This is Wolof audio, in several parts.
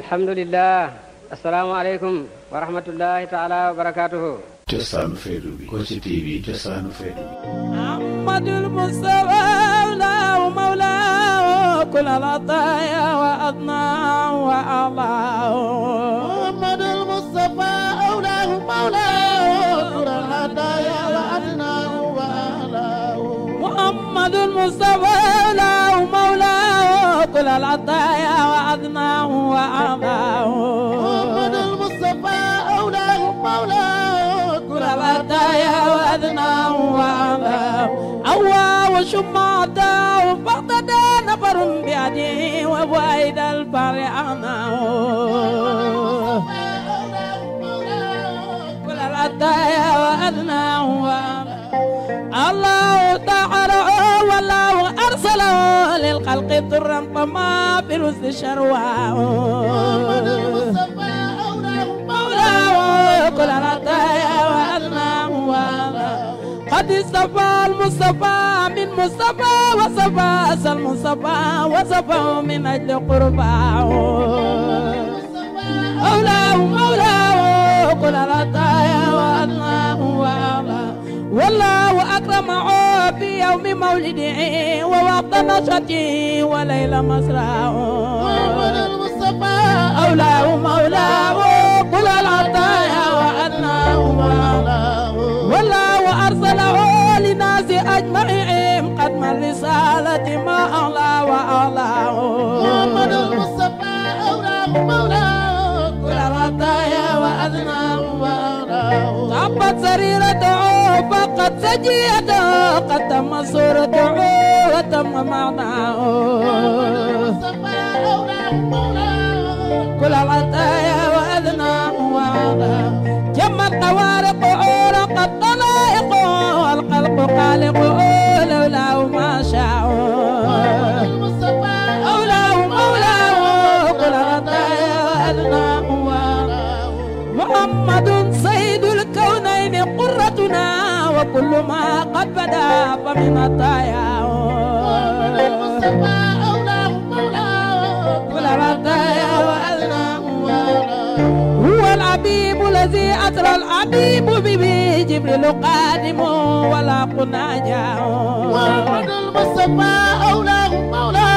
الحمد لله السلام عليكم ورحمة الله تعالى وبركاته جسان فيدوبي كوشي تي في جسان فيدوبي محمد المصطفى مولاه مولاه كل العطايا وأضناه وأعلى محمد المصطفى مولاه مولاه كل العطايا وأضناه وأعلى محمد المصطفى مولاه مولاه كل العطايا وعظماه وأعماه محمد المصطفى أولاه مولاه كل العطايا وعظماه وأعماه أوى وشم عطاه فاقتدى نفر بعده وبعيد البر أعماه كل العطايا وعظماه وأعماه الله تعالى والله أرسل للخلق ضرا فما في الوزن مولاه كل العطايا قد اصطفى المصطفى من مصطفى وصفى أسى المصطفى وصفه من أجل قرباه مولاه مولاه كل هو الله والله أكرم في يوم مولده ووقت نشاته وليل مسرعه محمد المصطفى أولاه مولاه كل العطايا وأدناه مولاه والله أرسله للناس أجمعين قد من رسالة ما أعلى وأعلى المصطفى أولاه مولاه كل العطايا وأدناه مولاه تعبت سريرته قد سجيده قدم صورته وتم معناه كل العطايا وأذناه وعظاه جمت طوارق عورق الطلائق والقلب قالق لولاه ما شاءوا محمد سيد الكونين قرتنا كل ما قد بدا فمن الطايا هو الحبيب الذي أترى الحبيب به جبريل قادم ولا قناجا محمد المصطفى أولاه مولاه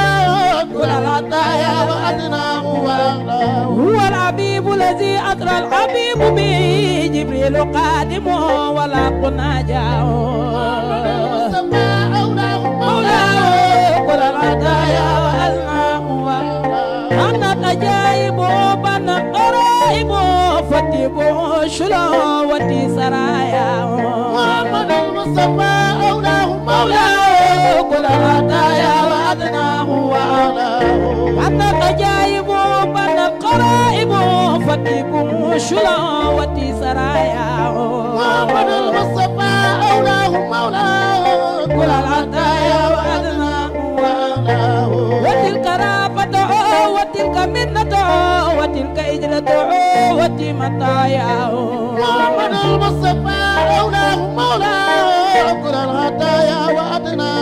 هو العبيب الذي أطرى الحبيب به جبريل قادم ولا قلنا جاء شلو وتي سرايا محمد المصطفى أولاه مولاه كل هدايا وأدناه وأعلاه عنا العجائب بنا القرائب فتيكم شلا وتي سرايا محمد المصطفى أولاه مولاه كل الهدايا وأدناه وأعلاه وتلك رافته وتلك منته وتلك إجلته وتي مطاياه محمد المصطفى أولاه مولاه كل الهدايا وأدناه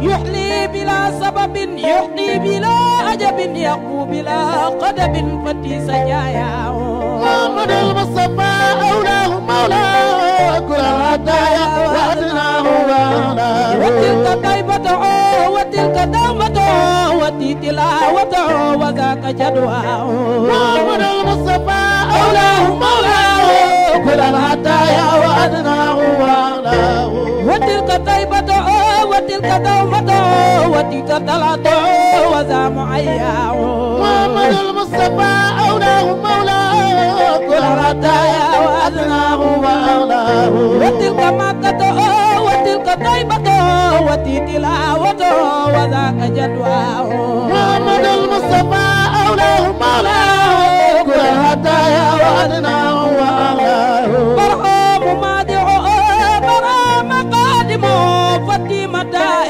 يحلي بلا سبب يحلي بلا عجب يقو بلا قدب فتي سجايا محمد المصطفى أولاه مولاه كل هدايا وأدناه وأنا وتلك طيبته وتلك دامته وتي تلاوته وذاك جدواه محمد المصطفى أولاه مولاه كل هدايا وأدناه وأنا وتلك طيبته دومته وديت ثلاثه وذا معيا محمد المصطفى أولاه مولاه كل ردايا وأدناه وأولاه وتلك مكة وتلك طيبة وتي تلاوته وذاك جدواه محمد المصطفى أولاه مولاه كل ردايا وأدناه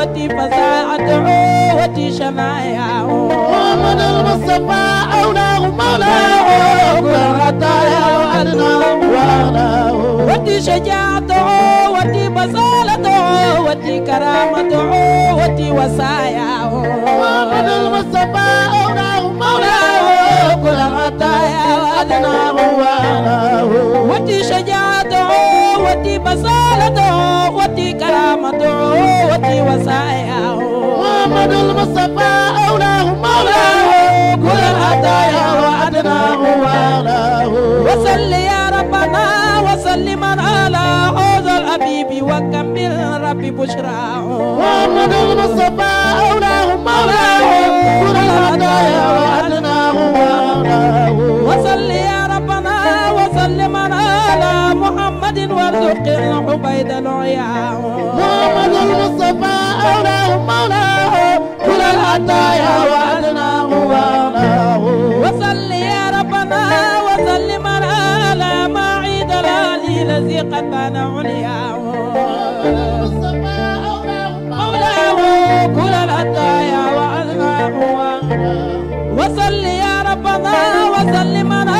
وتي فزع أدعو وتي شمايا محمد المصطفى أولاه مولاه كل خطايا وأدناه وأغناه وتي شجاعته وتي بصالته وتي كرامته وتي وصايا محمد المصطفى أولاه مولاه كل خطايا وأدناه وأغناه وتي شجاعته ودي بصالته ودي كرامته ودي وصاياه محمد المصطفى أولاه مولاه كل الهدايا وعدناه وعلاه وصل يا ربنا وسلم على هذا الحبيب وكمل ربي بشراه محمد المصطفى أولاه مولاه كل الهدايا وعدناه وعلاه وصل يا صدق العبيد العيا محمد المصطفى أولاه مولاه كل العطايا وأدناه وأولاه وصل يا ربنا وسلم على ما عيد الالي الذي قد علياه مولاه وصل يا ربنا وسلم على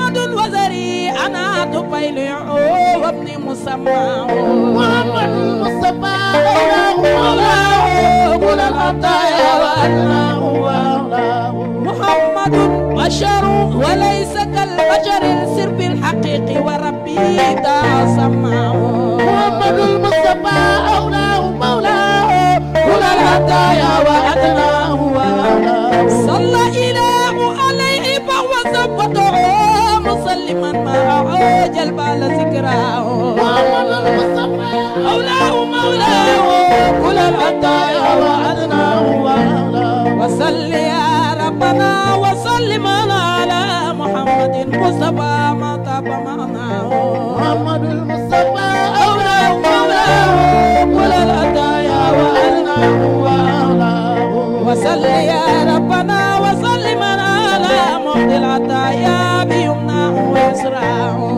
محمد بشر وليس كالبشر سر بالحقيق وربي تسمى محمد المصطفى أولاه مولاه كل الخطايا وأدناه دائما مع عجل بال ذكراه مولاه مولاه كل العطايا وعدناه وصل يا ربنا وسلم على محمد المصطفى ما طاب معناه محمد المصطفى أولاه مولاه كل العطايا وعدناه وصلي يا ربنا around.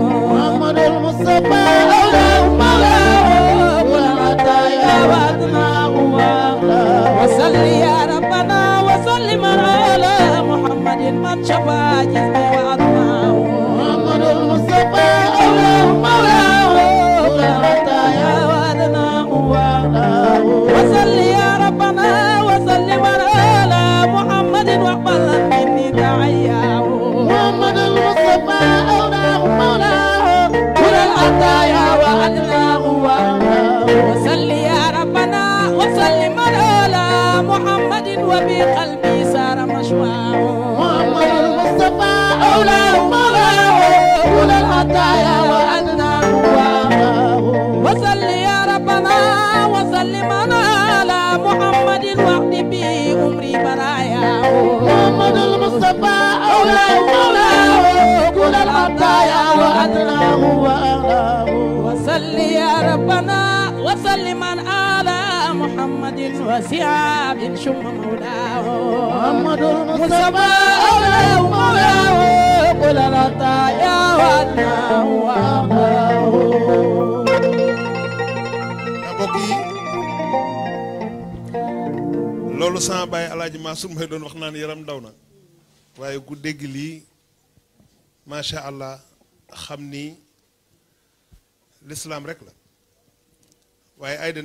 وبقلبي صار مشواه محمد المصطفى أولى مولاه كل الهدايا وأنا هواه وصل يا ربنا وسلم على محمد وحد به أمري براياه محمد المصطفى أولى مولاه كل الهدايا وأنا هواه محمد وسع من شم مولاه محمد المصطفى أولاه مولاه قل لطا وأنه وأخاه loolu sama baay alaaji Maasum may don wax nan yaram dawna waye deg li ma sha allah xamni lislam rek la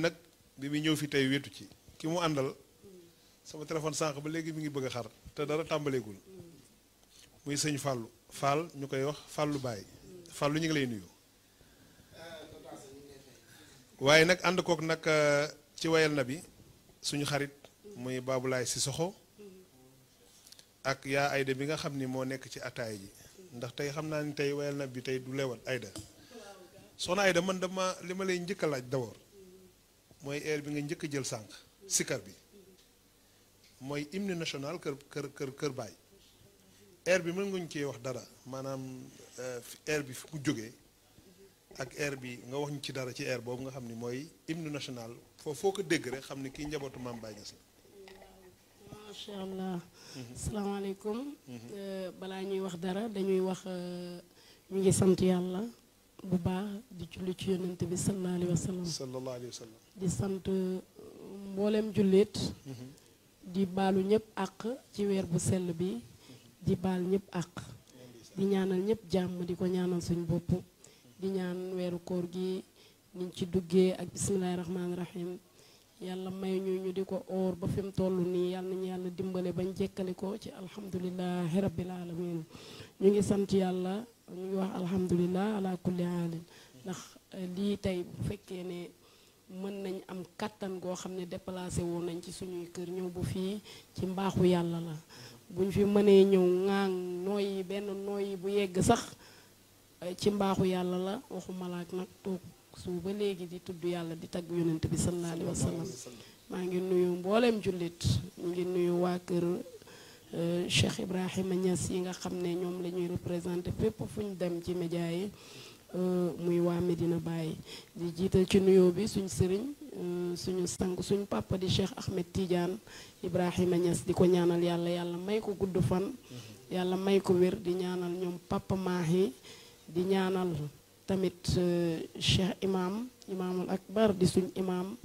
nak bi muy ñëw fi tey wéetu ci ki mu àndal sama téléphone sànq ba léegi mi ngi bëgg a xar te dara tàmbaleegul muy sëñ Fàllu Fall ñu koy wax Fàllu Baay Fàllu ñu ngi lay nuyu waaye nag ànd kook nag euh, ci wayal na suñu xarit muy Baabulaay Sissoko ak ya Ayda bi nga xam ni moo nekk ci ataay ji ndax tey xam ni tey wayal na bi du lewal Ayda soxna Ayda man dama ma lay njëkk laaj mooy air bi nga njëkk a jël sànq sikar bi mooy hymne national kër kër kër baay air bi mën nga ñu cee wax dara maanaam eh, air bi fi mu jógee ak air bi nga wax ñu ci dara ci air boobu nga xam ni mooy hymne national foofu foo ko dégg xam ne kii njabootu maam Baye Niass la. macha allah. asalaamaaleykum. Mhm. Mhm. Eh, balaa ñuy wax dara dañuy wax eh, ñu ngi sant yàlla. bu baax di julli ci yonent bi sallallahu alayhi Wasallam sallallahu alayhi wa di sant uh, mboolem jullit mhm. di baalu ñëpp àq ci weer bu bi di bal ñëpp ak di ñaanal ñëpp jàmm di ko ñaanal suñ bopp di ñaan weeru koor gi niñ ci duggee ak bismillahi rahmaani rahim yàlla may ñu ñu di ko oor ba fim mu toll nii yàlla nañu yàlla bañ jekkali ci alhamdulilahi rabbil alamin ñu ngi sant ñu ngi wax alhamdulilah ala kulli ndax eh, lii tey bu fekkee ne mën nañ am kàttan goo xam ne déplacé woon nañ ci suñuy kër ñëw bu fii ci mbaaxu yàlla la buñ fi mënee ñëw ŋaang nooyi benn nooyi bu yegg sax eh, ci mbaaxu yàlla la waxu malaak nag toog suuf ba léegi di tudd yàlla di tagg yonent bi sallallahu alayhi wa maa ngi nuyu mbooleem jullit ngi nuyu waa kër Euh, Cheikh Ibrahima Niass yi nga xam ne ñoom lañuy représenté fépp fu ñu dem ci média yi euh, muy mi dina bàyyi di jiital ci nuyoo bi suñ sëriñ euh, suñu sang suñu papa di Cheikh Ahmed Tidiane Ibrahima Niass di ko ñaanal yàlla yàlla may ko gudd fan. yàlla may ko wér di ñaanal ñoom papa Mahi di ñaanal tamit Cheikh Imam Imamul Akbar di suñ imam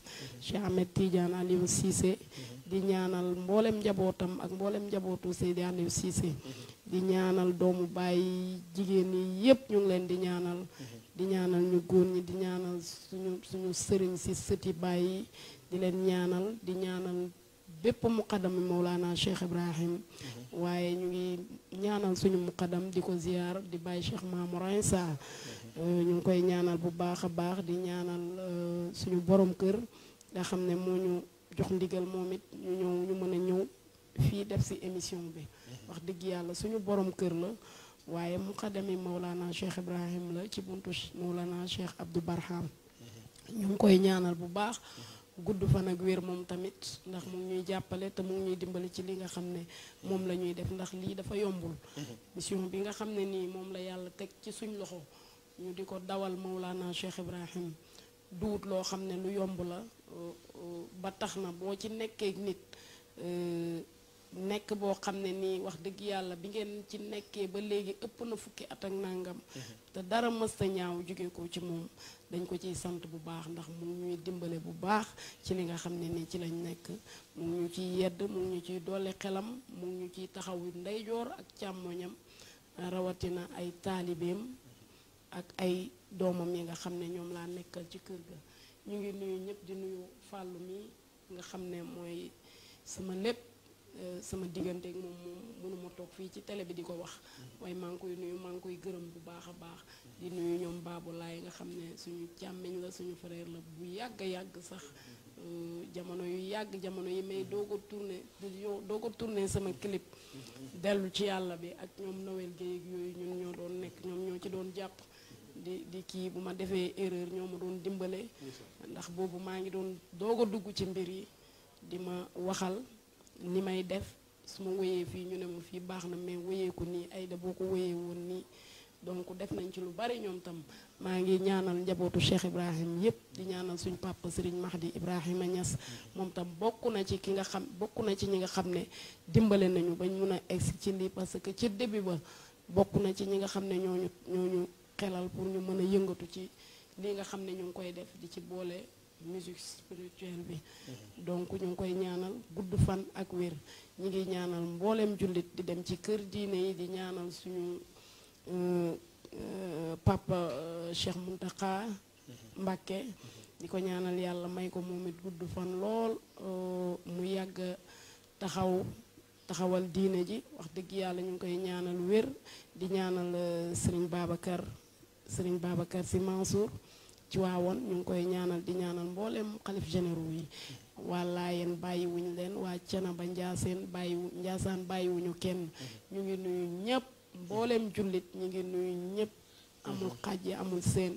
Cheikh Ahmed Tidiane Aliou Cissé. di ñaanal mboolem njabootam ak mboolem njabootu Seydi Aliou Cissé di ñaanal doomu bàyyi jigéen yi yépp ñu ngi leen di ñaanal di ñaanal ñu góor ñi di ñaanal suñu suñu sëriñ si sëti bàyyi di leen ñaanal di ñaanal bépp muqaddam Mawlana Cheikh Ibrahim waaye ñu ngi ñaanal suñu muqaddam di ko ziyaar di bàyyi Cheikh Mamour Insa euh, ñu ngi koy ñaanal bu baax a baax di ñaanal euh, suñu borom kër nga xam ne moo ñu jox ndigal moom it ñu ñëw ñu mën a ñëw fii def si émission bi wax dëgg yàlla suñu borom kër la waaye muqaddami Mawlana Cheikh Ibrahim la ci buntu Mawlana Cheikh Abdou Barham ñu ngi koy ñaanal bu baax gudd fan ak wér moom tamit ndax mu ngi ñuy jàppale te mu ngi ñuy dimbali ci li nga xam ne moom la ñuy def ndax lii dafa yombul mission bi nga xam ne nii moom la yàlla teg ci suñ loxo ñu di ko dawal Mawlana Cheikh Ibrahim duut loo xam ne lu yomb la ba tax na boo ci nekkee nit euh, nekk boo xam ne nii wax dëgg yàlla bi ngeen ci nekkee ba léegi ëpp na fukki at ak nangam. Mm-hmm. te dara mësta ñaaw jóge ko ci moom dañ ko ciy sant bu baax ndax mu ñuy dimbale bu baax ci li nga xam ne nii ci lañ nekk mu ñu ciy yedd mu ñu ciy doole xelam mu ñu ciy taxawu ndeyjoor ak càmmoñam rawatina ay taalibeem ak ay doomam yi nga xam ne ñoom laa nekkal ci kër ga ñu ngi nuyu ñëpp di nuyu fàllu mi nga xam ne mooy sama lépp euh, sama diggante ak moom moom mënuma toog fii ci télé bi di ko wax waaye maa ngi koy nuyu maa ngi koy gërëm bu baax a baax di nuyu ñoom baabu laay nga xam ne suñu càmmiñ la suñu frère la bu yàgg yàgg sax euh, jamono yu yàgg jamono yi may doo ko tourné doo ko tourné sama clip dellu ci yàlla bi ak ñoom Noël Guèye yooyu ñun ñoo doon nekk ñoom ñoo ci doon jàpp di di kii bu ma defee erreur ñoo ma doon dimbale ndax boobu maa ngi doon doog a dugg ci mbir yi di ma waxal ni may def su ma wéyee fii ñu ne ma fii baax na mais wéyee nii ay da boo ko wéyee woon nii donc def nañ ci lu bari ñoom tam maa ngi ñaanal njabootu Cheikh Ibrahim yépp di ñaanal suñ papa Serigne Mahdi Ibrahima ñas moom tam bokk na ci ki nga xam bokk na ci ñi nga xam ne dimbale nañu bañ mun a egsi ci lii parce que ci début ba bokk na ci ñi nga xam ne ñooñu ñooñu xelal pour ñu mën a yëngatu ci li nga xam ne ñu ngi koy def di ci boole musique spirituelle bi mhm. donc ñu ngi koy ñaanal gudd fan ak wér ñu ngi ñaanal mbooleem jullit di dem ci kër diine yi di ñaanal suñu euh, euh, papa euh, Cheikh Mountakha mhm. Mbacké mhm. di ko ñaanal yàlla may ko moom it gudd fan lool mu yàgg taxaw taxawal diine ji wax dëgg yàlla ñu ngi koy ñaanal wér di ñaanal baaba kër sëriñ Babacar Sy Mansour ci waawoon ñu ngi koy ñaanal di ñaanal mbooleem xalif généraux yi waa Laayeen bàyyiwuñ leen waa Cenaba Njaaseen bàyyiwu Njaasaan bàyyiwuñu kenn ñu ngi nuyu ñëpp mbooleem jullit ñu ngi nuyu ñëpp amul xaj yi amul seen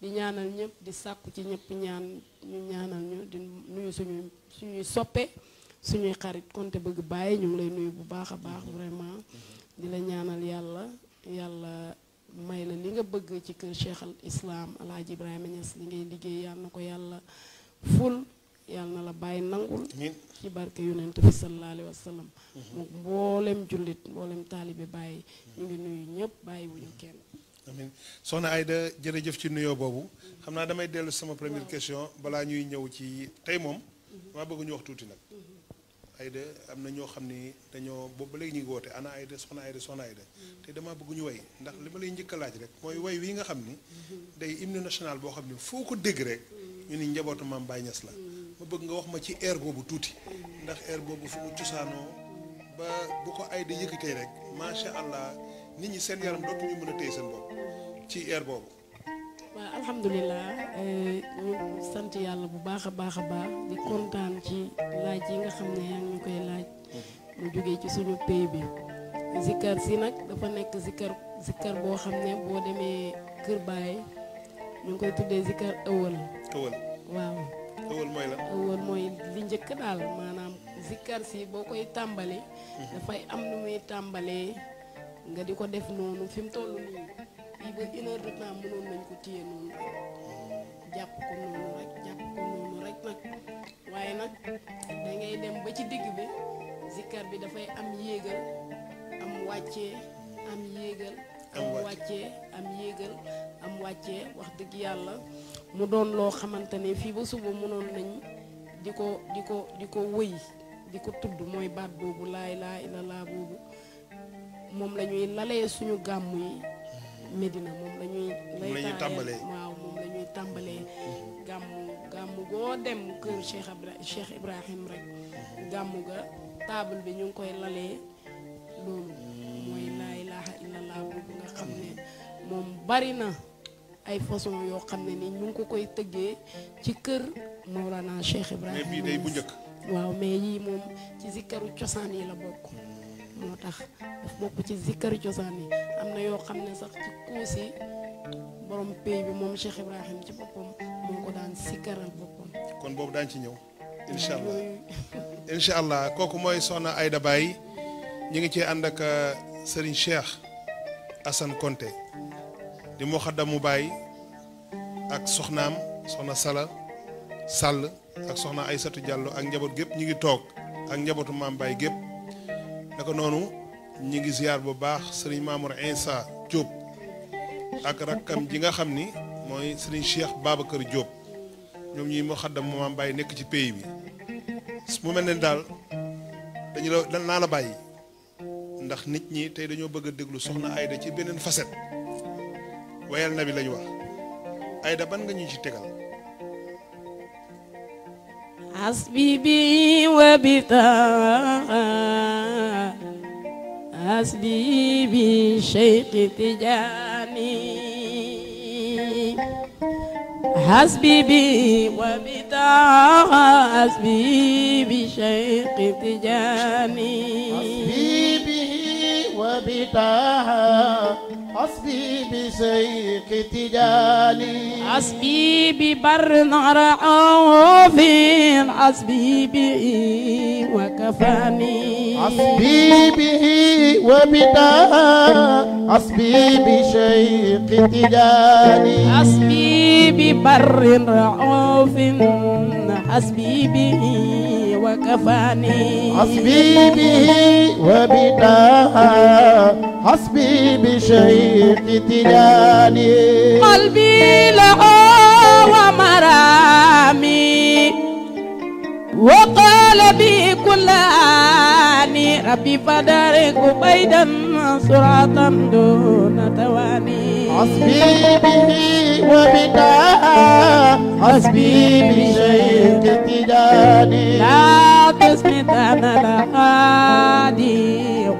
di ñaanal ñëpp di sàkku ci ñëpp ñaan ñu ñaanal ñu di nuyu suñuy suñuy soppe suñuy xarit konte bëgg bàyyi ñu ngi lay nuyu bu baax a baax vraiment mm-hmm. di la ñaanal yàlla yàlla may la li nga bëgg ci kër cheikh al islam alaaji ibrahima Niass li ngay liggéey yàlla na ko yàlla ful yàlla na la bàyyi nangul ci barke yonent bi sallallahu alayhi wa mhm. jullit mboolem taalibe bàyyi ñu ngi nuyu ñëpp bàyyi wuñu kenn amin soxna Aida jërëjëf ci nuyoo boobu xam naa damay dellu sama première question balaa ñuy ñëw ci tey moom mhm. maa bëgg ñu wax tuuti nag mhm. Aïda am na ñoo xam ni dañoo boobu ba léegi ñu ngi woote ana Aïda soxna Aïda soxna Aïda mm-hmm. te damaa bëgg ñu way ndax li ma lay njëkk a laaj rek mooy way wi nga xam ni mm-hmm. day hymne national boo xam ni foo ko dégg rek mm-hmm. ñu ni njabootu maam Baye Niass la ma bëgg nga wax ma ci air boobu tuuti ndax air boobu fu mu cosaanoo ba bu ko Aïda yëkkatee rek macha allah nit ñi seen yaram dootuñu mën a téye seen bopp ci air boobu waaw alhamdulilah euh, ñu sant yàlla bu baax a baax a baax di kontaan ci laaj yi nga xam ne yaa ngi koy laaj mu jógee ci suñu pay bi zikkar si nag dafa nekk zikkar zikkar boo xam ne boo demee kër baay ñu ngi koy tuddee zikkar ëwël ëwël waaw ëwël mooy li njëkk daal maanaam zikkar si boo koy tàmbali mhm. dafay am nu muy tàmbalee nga di ko def noonu fi mu toll fii mënoon nañ ko téye noonu rek jàpp jàpp ko ngay dem ba ci digg bi zikkar bi dafay am yéegal am wàccee am am wàccee am yéegal wax dëgg yàlla mu doon loo xamante ne fii ba mënoon di ko di ko di ko wëy di ko tudd mooy baat boobu laay laa moom lañuy ñuy lalee suñu gàmm yi Medina moom la ñuy. moom la ñuy tàmbalee waaw moom la gàmmu goo dem kër Cheikh Ibrahim rek gàmmu ga taabal bi ñu ngi koy lalee loolu mooy laa ilaaha illallah nga xam ne moom bari na ay façon yoo xam ne ni ñu ngi ko koy tëggee ci kër Mawlana Cheikh Ibrahim. mais day bu njëkk. waaw mais yii moom ci zikkaru cosaan yi la bokk moo tax bokk ci zikkaru cosaan yi. am na yoo xam ne sax ci kuusi borom pay bi moom Cheikh Ibrahim ci boppam moo ko daan sikkaral boppam. kon boobu daañu ci ñëw. incha allah incha allah kooku mooy soxna ay dabaay ñu ngi cee ànd ak euh, Serigne Cheikh assan Konté di mu baay ak soxnaam soxna Sala Sall ak soxna ay Aysatu Diallo ak njaboot gépp ñu ngi toog ak njabootu maam Baye gépp naka noonu. ñi ngi ziar bu baax serigne Mamour Insa Diop ak rakam ji nga xamni moy serigne sëriñ Cheikh Babacar Diop ñi mo xadam mo am bàyyi nek ci pays bi mu melne dal dañu la dan la bàyyi ndax nit ñi tay dañu bëgg deglu soxna Aida ci benen facette wayal nabi lañ wax Aida ban nga ñu ci tegal asbi bi wa أسدي بشيخ تجاني حسبي بي وبداع حسبي بشيخ تجاني حسبي به وبداع حسبي بشيخ تجاني حسبي نار عوفين حسبي به وكفاني حسبي به وبدا حسبي بشيخ تجاني حسبي ببر رعوف حسبي به وكفاني حسبي به وبداها حسبي بشيخ تجاني قلبي له ومرامي وقال بي ربي فدارك بيدا صراطا دون تواني حسبي به وبداها حسبي بشيخ ابتداني لا أنا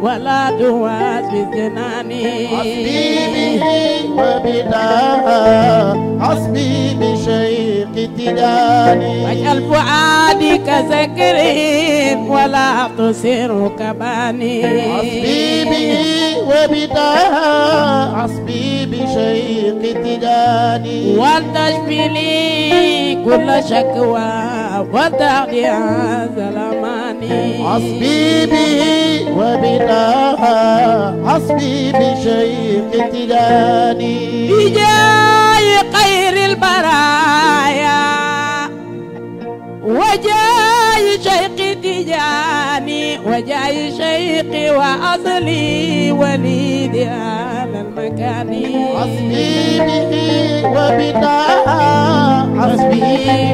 ولا تواس بجناني حسبي به حسبي طريق تداني واجعل فؤادك ذكري ولا تسر كباني أصبي به وبداها أصبي بشيق تداني ولتشفي لي كل شكوى وتغني ظلماني أصبي به وبداها أصبي بشيق تداني بجاه وجاي شيقي تجاني وجاي شيقي وأصلي وليدي على المكان حسبيني به وبداها حسبي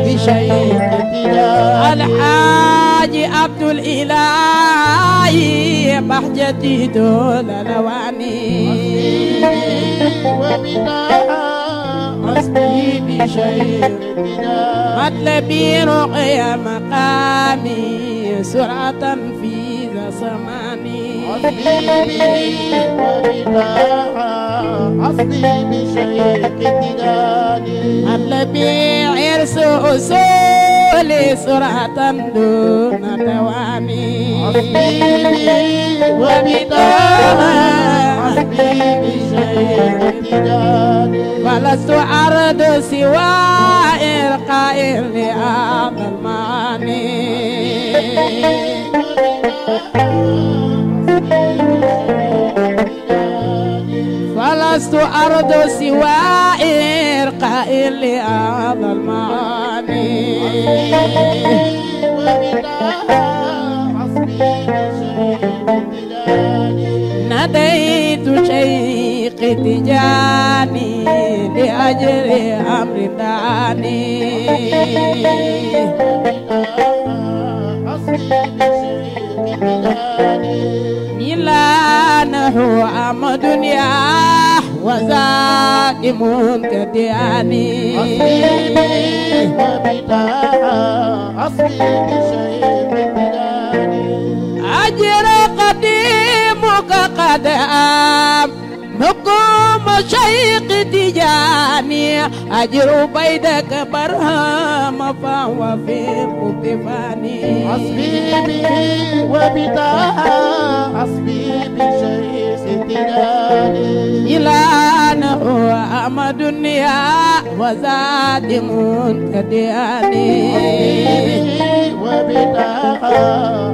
بشيقي تجاني الحاج عبد الإلهي بحجتي دول لواني حسبيني وبداها حسني بشيخنا مطلبي رقي مقامي سرعة في ذا زماني حسني به ورداها حسني بشيخنا مطلبي عرس أصولي سرعة دون تواني حسني به ورداها حبيبي شيء أرد سوى إلقاء لأب المعني فلست أرد سوى إرقاء لهذا المعاني أتيت شيخ تجاني لأجل أمر داني ميلانه أم دنيا وزاك منكدياني أصلي وبداء أصلي بشيخ تجاني أجري فوق قدام حكم شيق تجاني أجر بيدك برهام فهو في قطفاني حسبي به وبداء حسبي بشيق تجاني إلهنا هو أما دنيا وزاد منتدياني حسبي به وبداء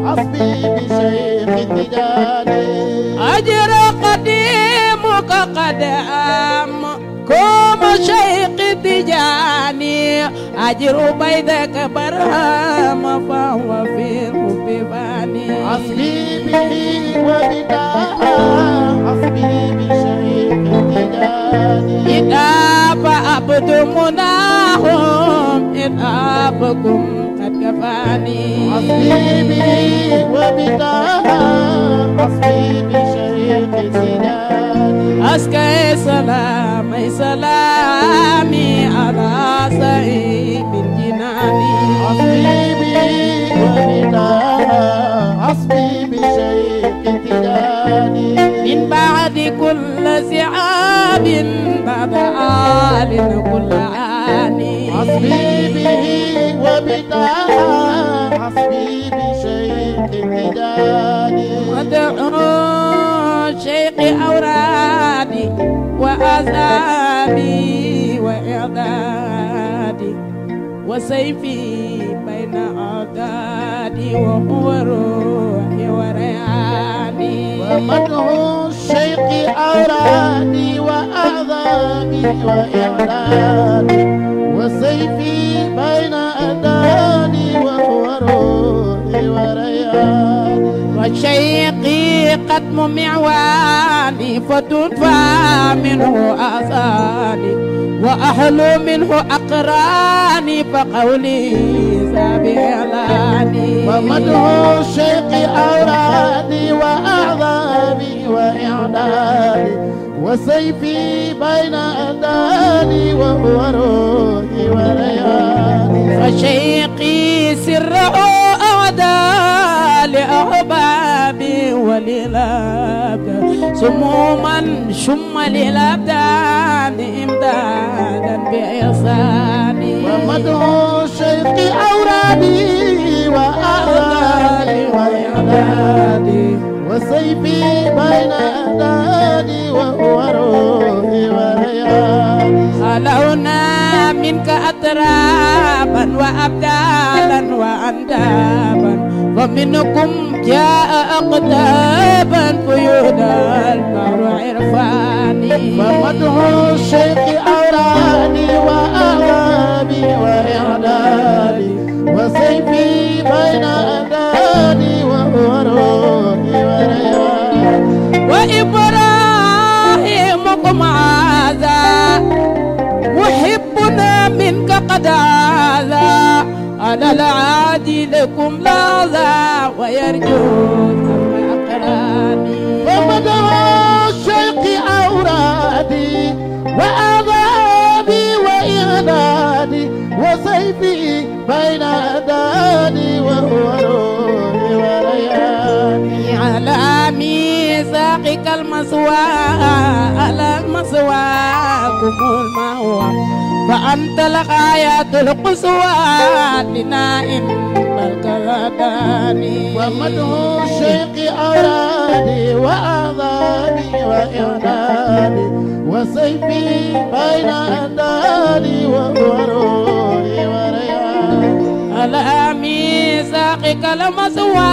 حسبي بشيق تجاني الأجر قديمك قد أم كوم شيخ تجاني أجر بيدك برهام فهو في الحب باني أصلي به ورداء أصلي بشيخ تجاني إذا فأبد مناهم إذا بكم كفاني حصيبي وبداها حصيبي أسكى سلامي سلامي على سعيد جناني حسبي حسبي بشيخ تجاني من بعد كل زعاب بعد آل كل عاني حسبي به وبتاه حسبي بشيخ تجاني ودعوني شيق أورادي وأذابي وإعدادي وسيفي بين أعدادي وهو روحي وريعاني ومدح الشيق أورادي وأذابي وإعدادي وسيفي بين أعدادي وهو روحي وريعاني وشيقي كتم معواني فتدفع منه آثاني وأحلو منه أقراني فقولي سبيلاني ومدح الشيخ اورادي واعظامي وإعدادي وسيفي بين أداني وهو روحي وليالي فشيقي سره أودى لأحبابي للأبد سموما شم للأبدان إمدادا بإحساني ومدعو شيخ أورادي وأعلاني وإعدادي وسيفي بين أعدادي وهو روحي ورياني منك أترابا وأبدالا وأندابا ومنكم جاء أقدابا فيهدى النار عرفاني فمدح الشيخ أراني وأراني go. أنت الغاية القصوى لنائم بل كرداني ومده شيق أولادي وأعظامي وإعدادي وسيفي بين أندادي وغروري وريعاني الأمين ذلك لمسوى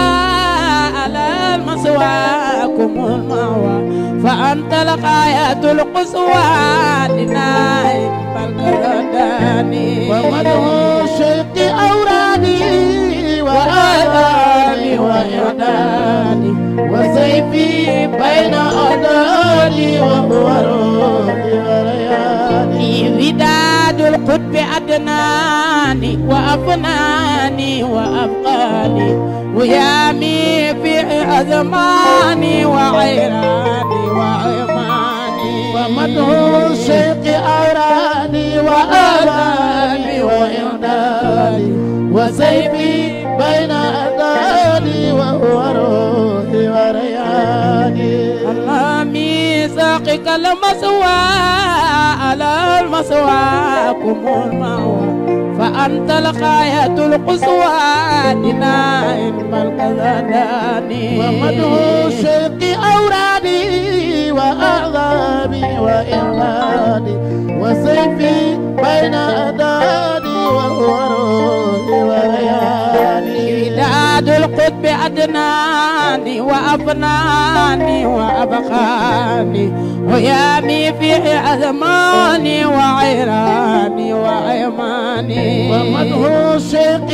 على مسواكم المأوى فأنت الغاية القصوى لنائم فالقرداني ومدعو شيق أورادي وآذاني وإعدادي وسيفي بين أداني وهو رودي ورياني أحمد القطب أدناني وأفناني وأبقاني ويامي في أزماني وعيراني وعماني ومده الشيخ أراني وأراني وإعداني وسيفي بين أداني وأوراني حقك المسوى على المسواكم فأنت لقاية القصوى دناء بل ومده ومدعو أورادي وأعظامي وإرادي وسيفي بين أدادي وهو روحي ورياني عبد القطب أدناني وأفناني وأبقاني ويامي فيه أذماني وعيراني وعيماني ومده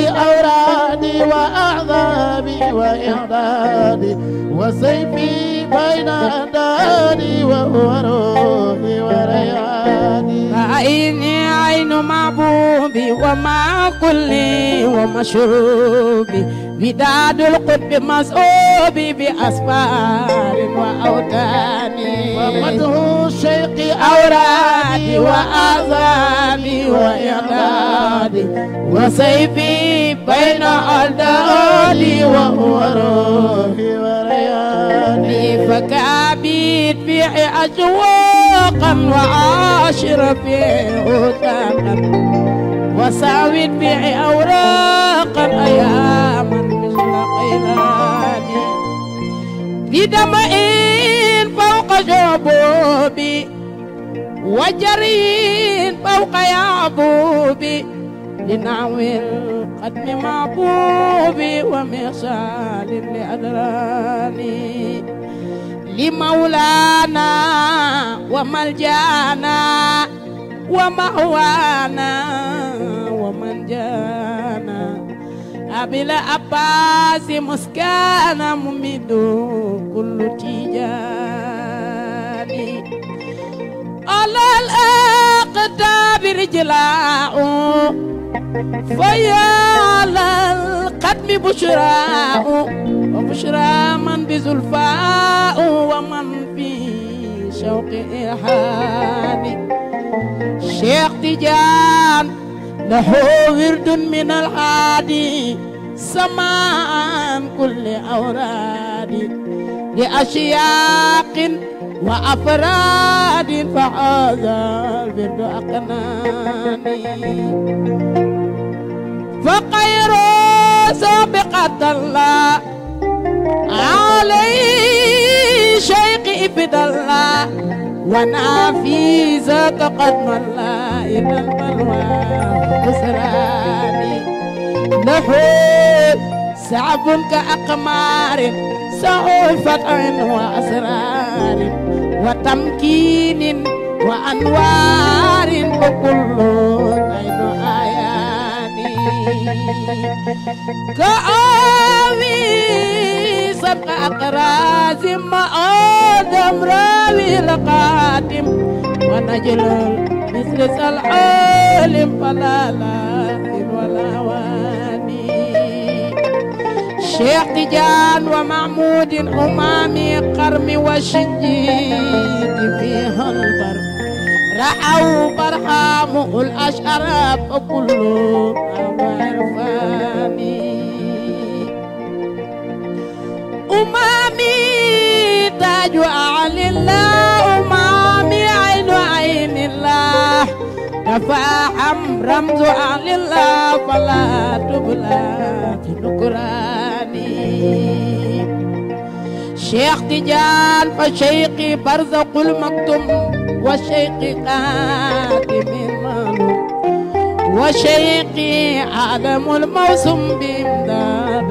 أورادي وأعذابي وإعدادي وسيفي بين أداني وهو روحي وريعاني عيني عين مشروبي وما كلي ومشروبي وداد القطب مصحوبي بأسفار وأوتاني ومده الشيق أورادي وأذاني وإعدادي وسيفي بين ألداني وهو روحي ورياني فكابيت في أجواقا وعاشر في عتاقا وساويت بيعي أوراق الأيام مثل قيلاني بدمعين فوق جبوبي وجرين فوق يعبوبي لنعوي القدم معبوبي ومصال لأدراني لمولانا وملجانا ومأوانا ومنجانا أبلا أباس مسكانا ممد كل تيجاني على الأقدام رجلاء فيا القدم بشراء وبشرى من بزلفاء ومن في شوق إرحاني Cheikh Tijan Nahu wirdun minal hadi samaan kulli awradi Di asyakin wa afradin fahazal wirdu aknani فخير سابقة الله عليه شيخ بدلنا ونعفيز تقدمنا إلى البلوى خسراني نحول سعب كأقمار سعوفة وأسرار وتمكين وأنوار وكل عين عين kami sabka akrazim ma adam rawi lakatim wana jelul misris al alim falala walawani Syekh Tijan wa Ma'mudin Umami Karmi wa Shinji Tifi Halbar رأوا برهامه الأشعر فكله برفاني أمامي تاج أعلى الله أمامي عين عين الله تفاحم رمز أعلى الله فلا تبلى نكراني شيخ تجان فشيقي برزق المكتم وشيقي قاتم وشيقي عالم الموسم بإمداد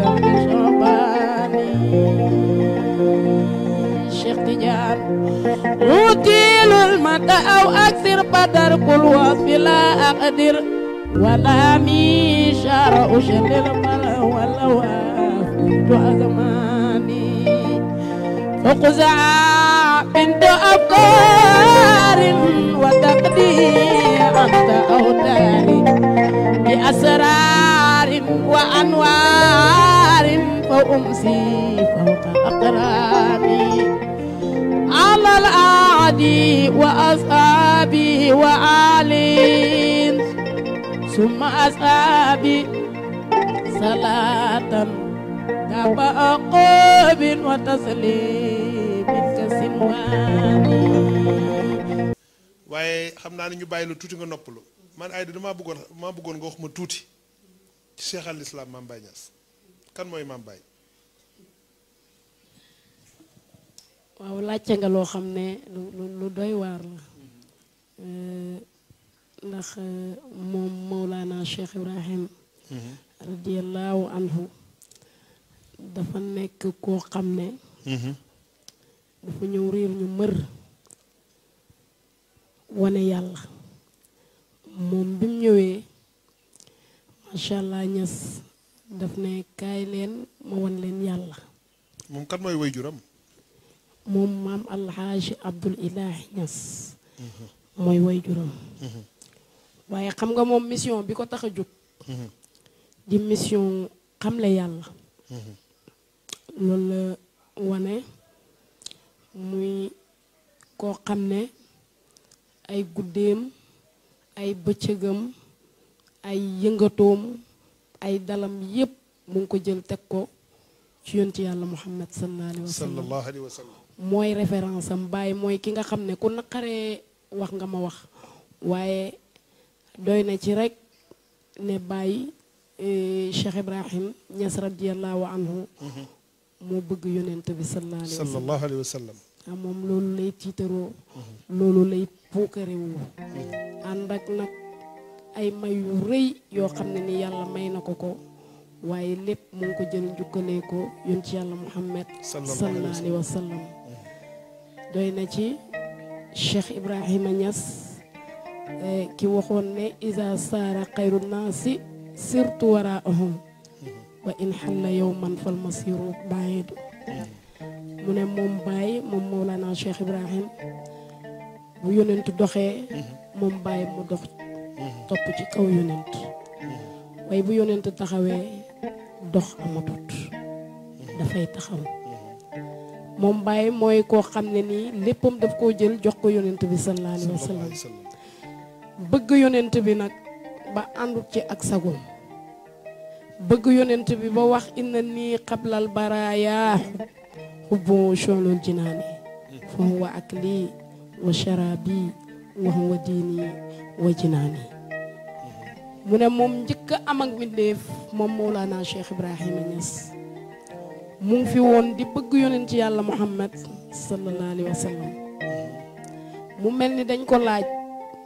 شيخ تجان أطيل المدى أو أكثر بدر كل وصف لا أقدر ولا ميشار أشلل ولا واف أزمان وقزع بنت أفكار وتقدير أنت أوتاني بأسرار وأنوار فأمسي فوق أقراني على الأعدي وأصحابي وآلين ثم أصحابي صلاة رب عقاب وتسليم كسلواني waaye xam naa ne ñu bàyyi la tuuti nga noppalu man ay ma bëggoon maa bëggoon nga wax ma tuuti ci Cheikh al kan mooy Mame waaw laajte nga loo xam ne lu lu doy waar la ndax moom Mawlana Cheikh Ibrahim mhm. radiallahu anhu dafa nekk koo xam ne. Mhm. dafa ñëw réer ñu mër wane yàlla moom bi mu ñëwee macha allah ñas daf ne kaay leen ma wan leen yàlla. moom kan mooy waajuram. moom maam alxaaji Abdul Ilaahi Ñas mhm. mooy waajuram. Mhm. waaye xam nga moom mission bi ko tax a jóg. di mission xamle yàlla. loolu la wane muy koo xam ne ay guddeem ay bëccëgam ay yëngatoom ay dalam yépp mu ngi ko jël teg ko ci yoon ci yàlla muhammad sallallahu alayhi wa mooy référence am bàyyi mooy ki nga xam ne ku naqaree wax nga ma wax waaye doy na ci rek ne bàyyi eh, Cheikh Ibrahim Ñas radiyallahu anhu mhm. moo bëgg yonent bi sallallahu alayhi wa sallam ah, moom loolu lay tiitaroo loolu ay may yu rëy yoo xam ne ni yàlla may na ko ko waaye lépp mu ko jël njukkalee ko yoon ci yàlla muhammad sallallahu alayhi doy na ci cheikh ibrahima ñas eh, ki waxoon ne isa saara xayru naasi surtout wa in xalla yowman fal masiru baid mu ne moom Baye moom Mawlana Cheikh Ibrahim bu yonent doxee moom Baye mu dox topp ci kaw yonent waaye bu yonent taxawee dox amatut dafay taxaw moom Baye mooy koo xam ne nii léppam daf koo jël jox ko yonent bi sallallahu alayhi wa sallam bëgg yonent bi nag ba àndut ci ak sagom bëgg yonent bi ba wax inna nii xablal baraaya xubbu shoolul jinaani fa huwa akli wa sharabi wa huwa diini wa jinaani mu ne moom njëkk am ak mbindéef moom Mawlana Cheikh Ibrahima Niass mu ngi fi woon di bëgg yonent yàlla Muhammad sallallahu wa sallam mu mel ni dañ ko laaj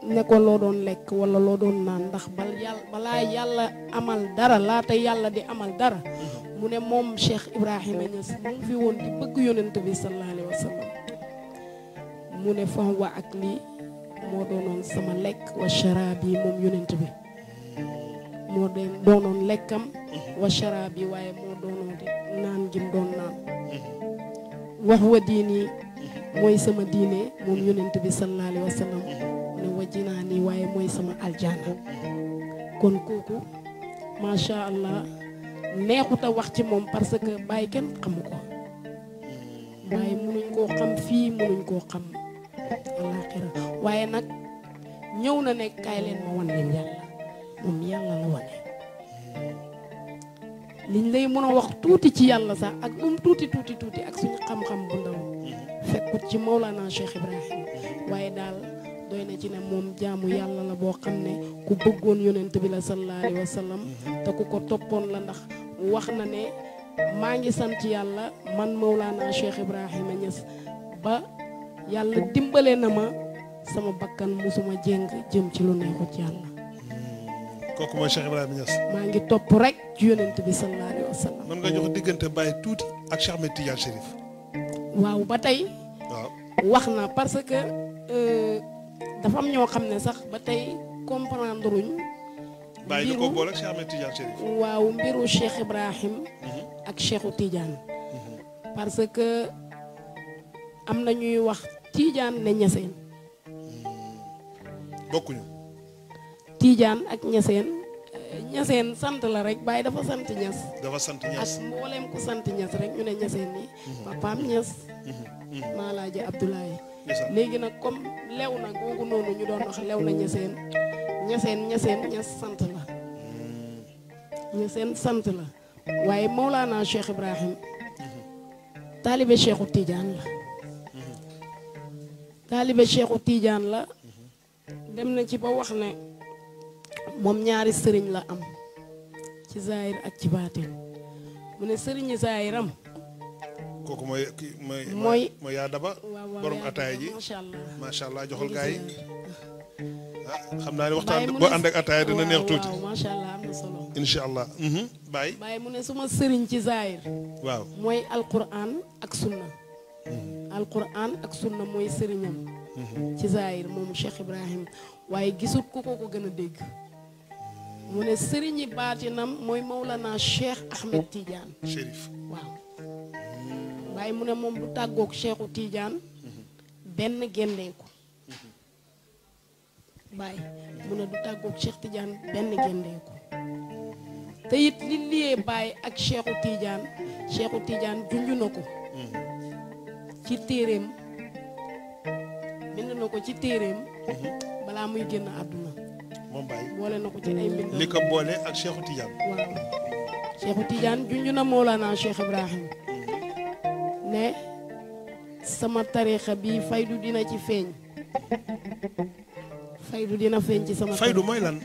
ne loo doon lekk wala loo doon naan ndax bal yàlla balaa amal dara laata yàlla di amal dara mm-hmm. mu ne moom Cheikh Ibrahima Niass mu ngi fi woon di bëgg yonent bi sallallahu ne fa lii moo doonoon sama yi moom yonent bi moo doonoon lekkam mm-hmm. wa sharaab yi waaye moo doonoon naan gi doon naan mm-hmm. wax wa diini mooy sama diine moom yonent bi sallallahu wa sallam wa jinaani waaye mooy sama aljana kon kooku macha allah neexut a wax ci moom parce que Baye kenn xamu ko Baye munuñ koo xam fii munuñ koo xam alaxira waaye nag ñëw na nekk kaay leen ma wan leen yàlla moom yàlla la wane liñ lay mën a wax tuuti ci yàlla sax ak moom tuuti tuuti tuuti ak suñu xam-xam bu ndaw fekkut ci Maulana Cheikh Ibrahim waaye daal doy na ci ne moom jaamu yàlla la boo xam ne ku bëggoon yonent bi la sallallahu alayhi wa sallam te ku ko toppoon la ndax wax na ne maa ngi sant yàlla man Mawlana Cheikh Ibrahima Niass ba yàlla dimbale na ma sama bakkan suma jéng jëm ci lu neexut yàlla. Hmm. kooku maa ngi topp rek ci yonent bi sallallahu alayhi wa nga jox diggante Baye tuuti ak Cheikh Ahmed Tidiane waaw ba tey. waaw wax na parce que. Euh, dafa am ñoo xam sax ba tay comprendre bay bàyyi ko bol ak Cheikh Ahmed Tidiane cheikh waaw mbiru Cheikh Ibrahim mhm. ak cheikh Tidiane mhm. parce que am na ñuy wax Tidiane ne mhm. bokku ñu Tidiane ak ñeseen ñaseen euh, sant la rek Baye dafa sant ñas dafa sant ñas ak mbolem ko sant ñas rek ñu ne ñaseen ni papaam ñas maa laaji Abdoulaye léegi nag comme lew na googu noonu ñu doon wax lew na ñeseen ñaseen ñeseen ñes sant la ñeseen sant la waaye Maulana Cheikh Ibrahim taalibe Cheikhu tiijaan la taalibe Cheikhu tiijaan la dem na ci ba wax ne moom ñaari sëriñ la am ci zaahir ak ci baatin mu ne sëriñi zaahiram kooku mooy kii mooy. mooy mooy yaa daba. borom ataaya ji macha allah joxal gaa yi. Ah, xam naa ne waxtaan boo ànd ak ataaya dina neex tuuti. waaw macha allah am na solo. incha mhm. mu ne suma sëriñ ci zaahir. waaw mooy alquran ak sunna. Mhm. alquran ak sunna mooy sëriñam. Mhm. ci zaahir moomu Cheikh Ibrahim waaye gisul ku ko ko gën a dégg. mu ne sëriñi baatinam mooy Maulana Cheikh Ahmed Tidiane. Chérif waaye mu ne moom du tàggoog Cheikhu Tidiane benn génneeku bàyyi mu ne du tàggoog Cheikh Tidiane benn génneeku te it li liyee bàyyi ak Cheikhu Tidiane Cheikhu Tidiane junj na ko ci téeréem bind na ko ci téeréem balaa muy génn àdduna moom bàyyi boole na ko ci ay mbind li ko boole ak Cheikhu Tidiane waaw Cheikhu Tidiane junj na Mawlana Cheikh Ibrahim ne sama tariixa bi faydu dina ci feeñ faydu dina feeñ ci sama faydu mooy lan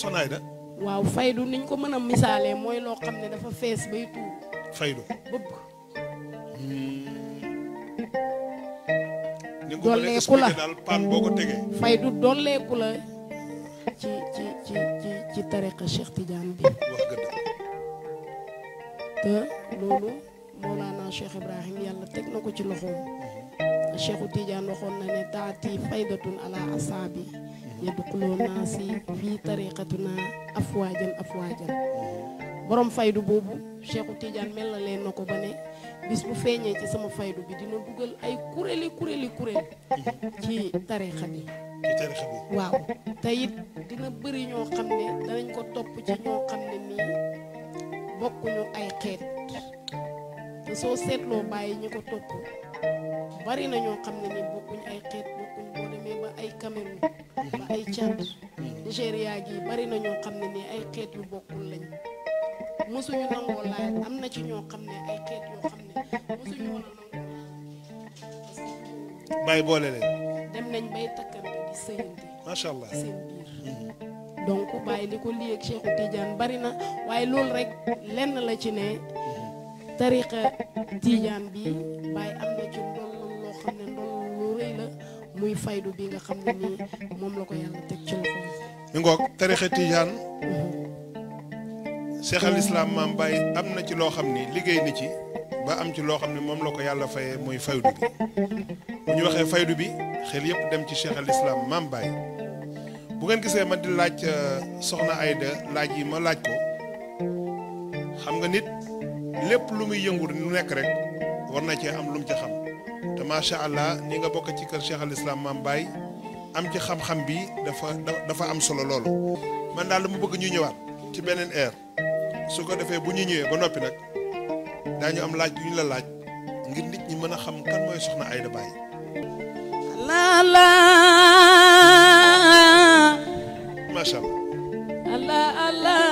Soxna Aida waaw faydu niñ ko mën a misaalee mooy loo xam ne dafa fees bay tuur faydu bëgg hmm. dolleeku la paan dolleeku la ci ci ci ci ci tariixa Cheikh bi te loolu Mawlana Cheikh Ibrahim yàlla teg na ko ci loxoom Cheikhu Tidiane waxoon na ne taati faydatun ala asaabi yadxuloo naa si fii tariqatuna afwaajan afwaajan borom faydu boobu Cheikhu Tidiane mel na leen na ko ba ne bis bu feeñee ci sama faydu bi dina dugal ay kuréeli kuréeli kuréel ci tariqa bi waaw te dina bëri ñoo xam ne danañ ko topp ci ñoo xam ne nii bokkuñu ay xeet te soo seetloo bàyyi ñu ko topp bari na ñoo xam ne ni bokkuñ ay xeet bokkuñ boo demee ba ay Cameroun ba ay Tchad Nigéria gi bari na ñoo xam ne ni ay xeet yu bokkul lañ mosuñu nangoo laayat am na ci ñoo xam ne ay xeet yoo xam ne mosuñu war a boole leen dem nañ bay takkante di sëyante macha allah seen biir donc bàyyi li ko lii ak Cheikh Tidiane bari na waaye loolu rek lenn la ci ne tariqa tijaan bi bàyyi am na ci ndolloon lo xamne ne lu la muy faydu bi nga xamne ni mom la ko yalla tek ci loxo ñu ngok tariqa tijaan mhm. cheikh al islam mam bàyyi am na ci lo xamne liggey ni ci ba am ci lo xamne mom la ko yalla fayé muy faydu bi ñu waxe faydu bi xel yëpp dem ci cheikh al islam mam bàyyi bu ngeen gisee ma di laaj euh, soxna Aida laaj yi ma laaj ko xam nga nit lepp lu muy yëngu nu nekk rek war na ci am lu mu ci xam te macha allah ni nga bokk ci kër Cheikh al Islam mam bay am ci xam-xam bi dafa dafa am solo lool man dal mu bëgg ñu ñëwaat ci benen air su ko defee bu ñu ñëwee ba noppi nag dañu am laaj yu ñu la laaj ngir nit ñi mën a xam kan mooy soxna la Baye. allah allah.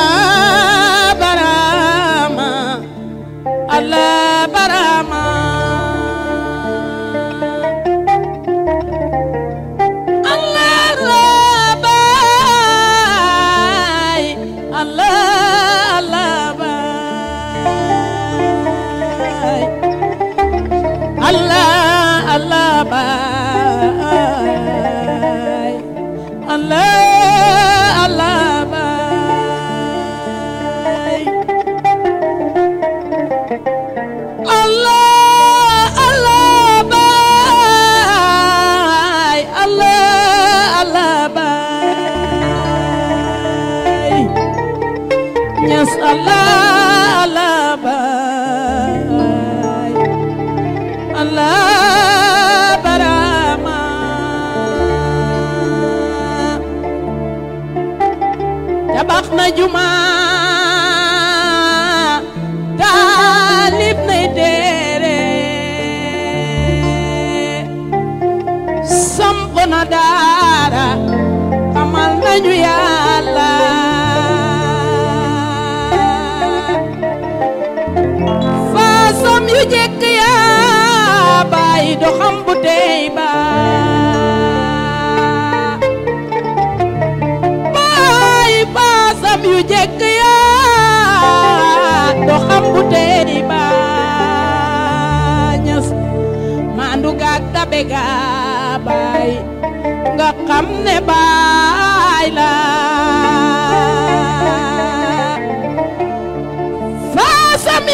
na juma taalib nay téere samp na daara xamal nañu yàlla faasam yu jekk yaa bàyyi doxam bu tey ba maam yu jekk yaa doxam bu teeri baañas maandu gaag baay nga xam ne baay la faasam yu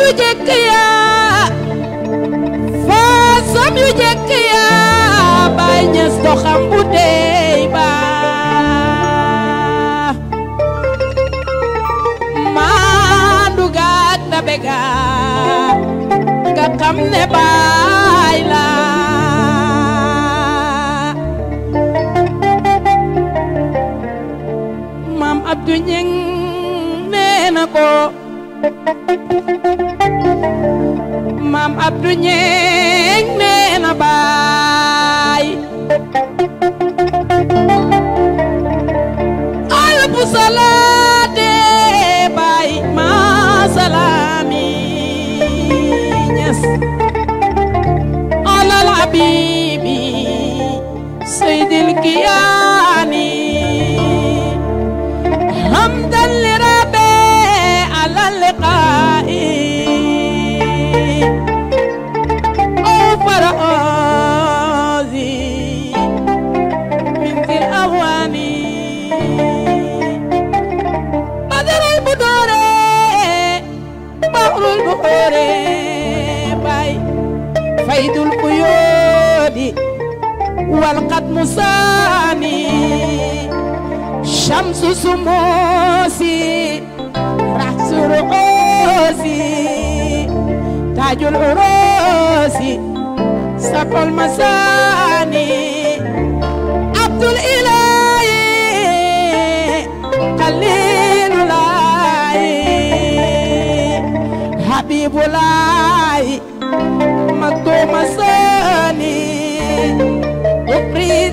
yu jekk yaa baay ñas doxam bu teey baay ga ka kam ne bai la mam abdu nyeng nena ko à mam abdu nyeng ne bem. musani shamsu sumosi, rahsu ruusi tajul urusi saqal masani abdul ilahi qalilulahi habibulahi matu masani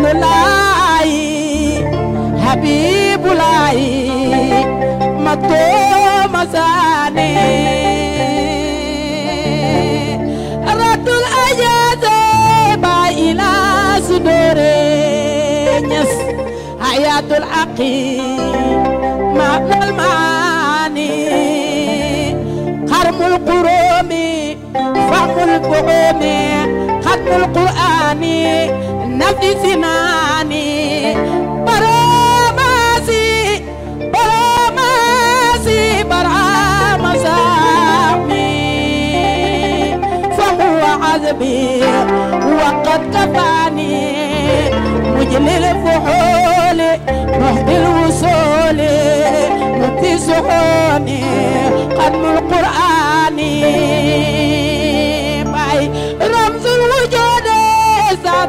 Aminu layi Habibu layi Mato masani Ratul ayade baila sudore Nyas ayatul aqi Ma'nal mani Karmul qurumi fakul qurumi khatul qur'ani نفي سناني براماسي براماسي برامسامي فهو عذبي وقد كفاني مجلي الفحول مهدي الوصول مهدي سحوني قدم القرآن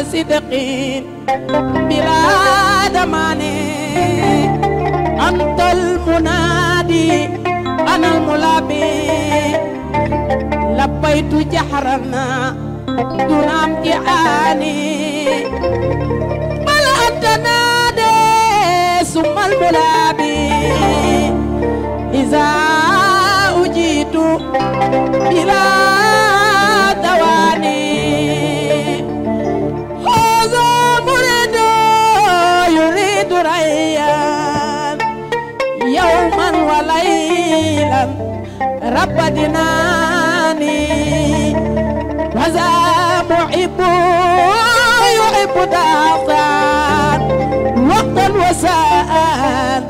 صدقين بلا دمان أنت المنادي أنا الملابي لبيت جحرنا دون امتحاني بل أنت نادي ثم الملابي إذا أجيت بلا ودناني وذا محب يحب دافعا وقت الوسائل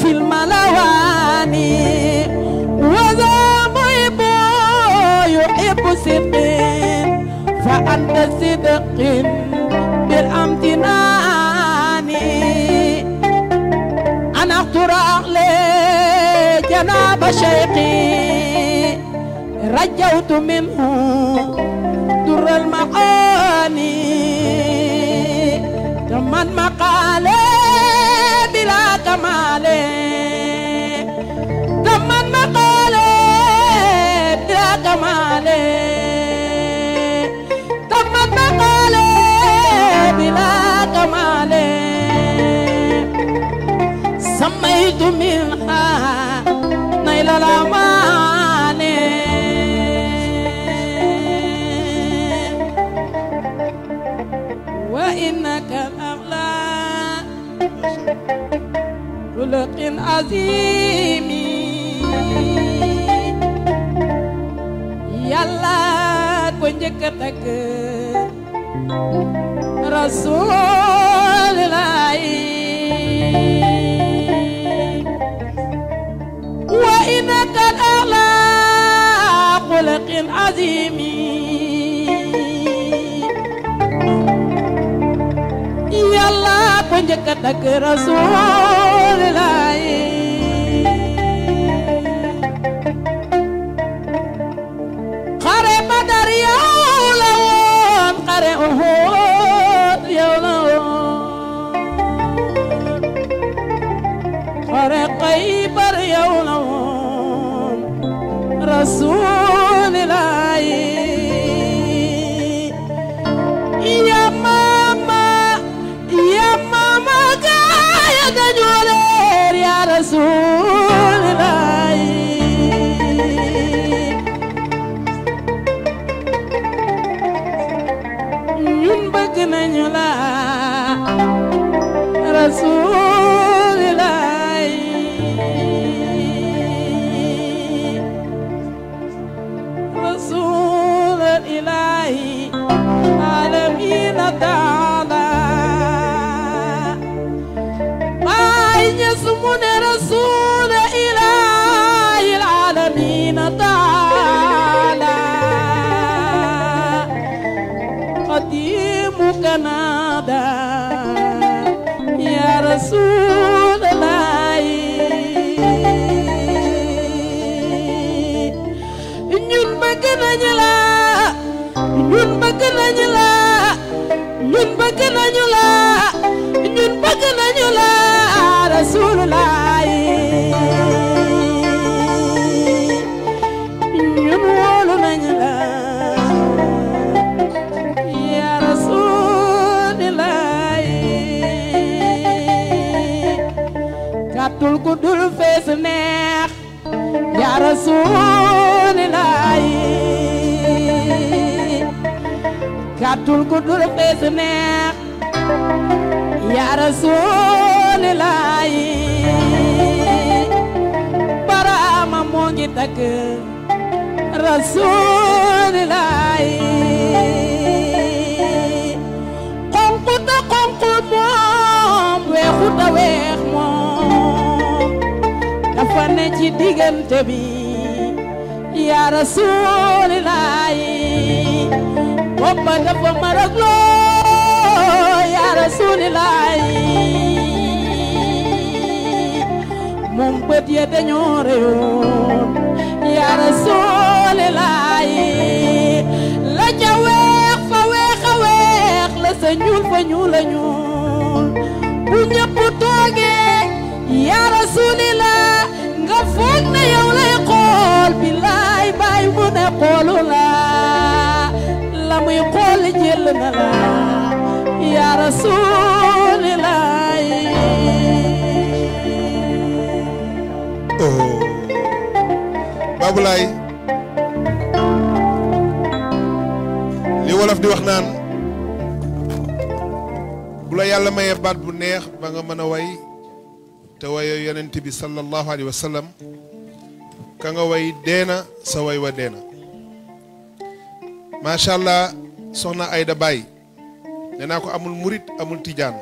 في الملواني وذا محب يحب صدق فأنت صدق بالأمتناني أنا اخترع لي جناب شيقي نجوت منه در المعاني تمن مقالي بلا كمالي تمن مقالي بلا كمالي تمن مقالي بلا كمالي سميت منها نيل الأمان khulqin azimi Yalla kunjeketake Rasul lai Wa ina kan ala khulqin azimi Rasul Rasul nañu la ñun bëgg nañu la ñun bëgg nañu la rasulullah ñun wóolu nañu la ya rasulullah kàttul ku dul fees neex ya rasulullah gàttul guddul fees neex ya rasuulillaahi baraama moo ngi takk rasuulillaahi xonqu ta moom weexu ta weex moom dafa ne ci diggante bi ya rasuulillaahi woppa dafa marag loo yaa rasuulillaahi moom bët ya dañoo reyoon yaa rasuulillaahi la ca weex fa weex a weex la sa ñuul fa ñuul a ñuul bu ñëpp toogee yaa rasuulillaahi nga foog na yow lay xool billaay bàyyi mu ne xoolu muy xool jël na la ya rasulillahi oh babulay li wolof di wax naan bu la yàlla mayee baat bu neex ba nga mën way te wayoo yonent bi sallallahu alaihi wasallam. sallam ka nga way deena sa way wa deena macha allah soxna Ayda Baye nee ko amul murid amul tijan,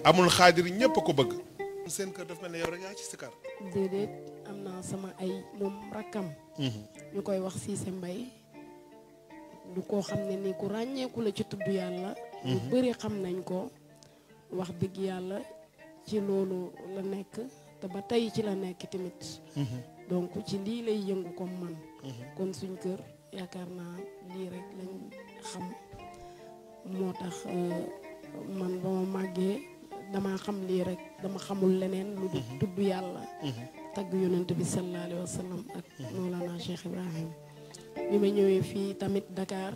amul khadir ñëpp a ko bëgg. seen kër dafa mel yow rek yaa ci sikar. sama ay mom rakam mhm. ñu koy wax Cissé Mbaye du koo xam ne ni ku ràññeeku la ci tudd yàlla. ñu mhm. bëri xam nañ ko wax dëgg yàlla ci loolu la nekk te ba ci la nekk mhm. donc ci li lay yëngu comme man. kon suñu kër. yaakaar naa lii rek lañ xam moo tax euh, man ba ma màggee damaa xam lii rek dama xamul leneen lu du mhm. tudd yàlla mhm. tagg yonent bi sallallahu alayhi wa sallam ak mhm. Mawlana Cheikh Ibrahim bi ma ñëwee fii tamit dakaar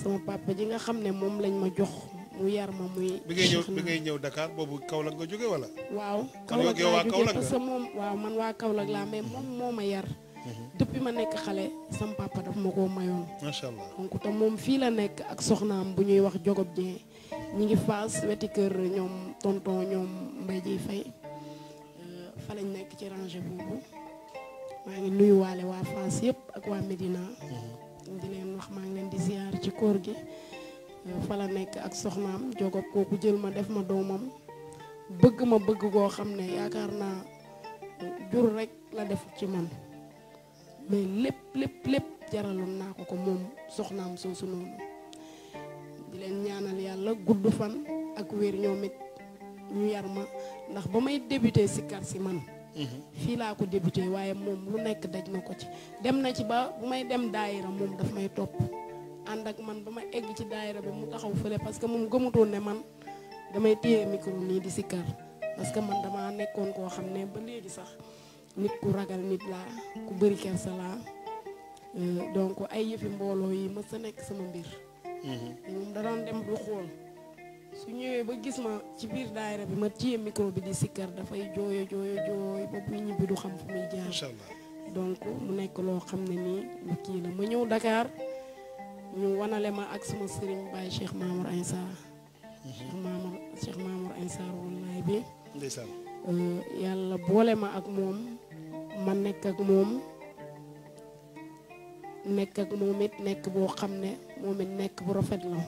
sama papa ji nga xam ne moom lañ ma jox mu yar ma muy. bi ngay ñëw bi ngay ñëw Dakar boobu kawlak nga jóge wala. waaw Kaolack laa jóge waaw man waa Kaolack laa mais moom moo ma yar. depuis ma nekk xale sam papa daf ma koo mayoon. macha allah donc te moom fii la nekk ak soxnaam bu ñuy wax Jogob Dieng ñi ngi faas weti kër ñoom tonton ñoom mbay ji fay euh, fa nekk ci rangé boobu maa ngi nuyuwaale waa faas yëpp ak waa Medina. Mhm. di leen wax maa ngi leen di ziar ci koor gi euh, fa la nekk ak soxnaam Jogob kooku jël ma def ma doomam bëgg ma bëgg goo xam ne yaakaar naa jur rek la def ci man. mais lépp lépp lépp jaraloon naa ko ko moom soxnaam soosu noonu di leen ñaanal yàlla gudd fan ak wér ñoom it ñu yar ma ndax ba may débuté sikkar si man mhm. fii laa ko débuté waaye moom lu nekk daj na ko ci dem na ci ba bu may dem daayira moom daf may topp ànd ak man ba ma egg ci daayira bi mu taxaw fële parce que moom gëmutoon ne man damay téye micro nii di sikkar parce que man dama nekkoon koo xam ne ba léegi sax nit ku ragal nit laa ku bëri kersa laa euh, donc ay yëfi mbooloo yi mës a nekk sama mbir mhm. moom da doon dem du xool su ñëwee ba gis ma ci biir daayira bi ma téye micro bi di sikkar dafay jooyo jooyo jooy ba buy ñibbi du xam fu muy jaar donc mu nekk loo xam ne nii lu kii la ma ñëw Dakar ñu wanale ma ak sama sëriñ Baye Cheikh Mamour Insa wallaay mhm. bi euh, yàlla boole ma ak moom ma nekk ak moom nekk ak moom it nekk boo xam ne moom it nekk bu rafet la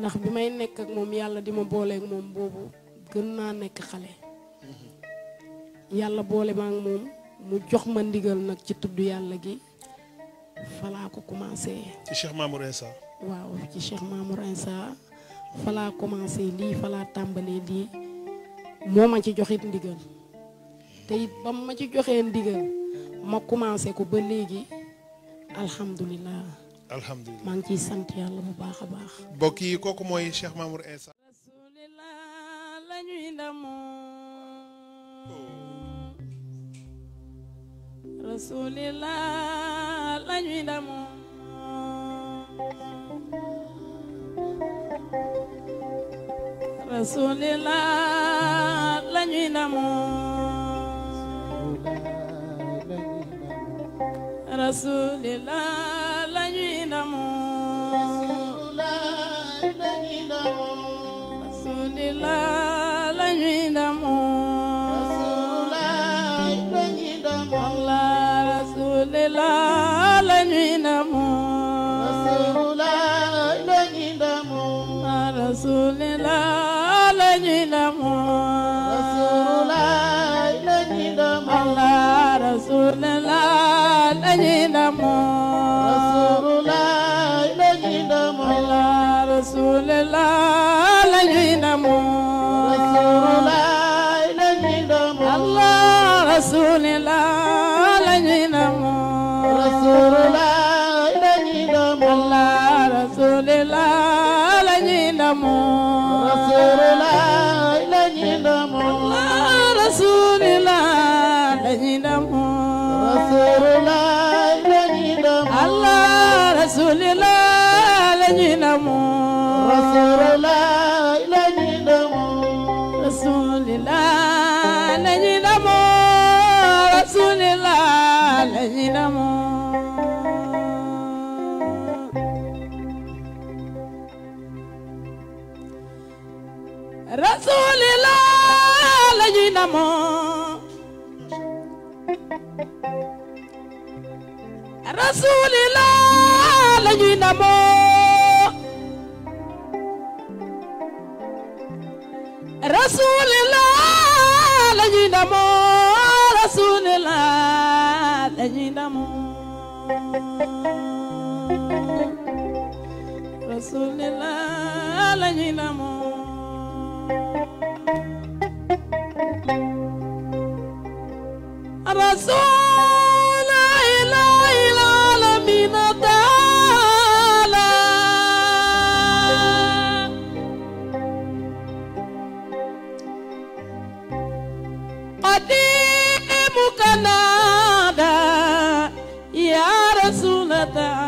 ndax bi may nekk ak moom yàlla di ma booleek moom boobu gën naa nekk xale yàlla boole ma ak moom mu jox ma ndigal nag ci tudd yàlla gi falaa ko commencé. ci Cheikh Mamour Insa waaw falaa commencé lii falaa tàmbalee lii moo ma ci joxit ndigal te it ba ma ci joxee ndigal ma commencé ko ba léegi alhamdulilah. maa ngi ci sant yàlla bu baax a baax. mbokk yi kooku mooy Cheikh Mamour Insa. rasulillah la ñuy رسول الله لما رسول الله لجي لما رسول الله لجي لما رسول الله لجي لما رسول الله لجي لما رسول إله العالمين تعالى قديمك نادى يا رسول تعالى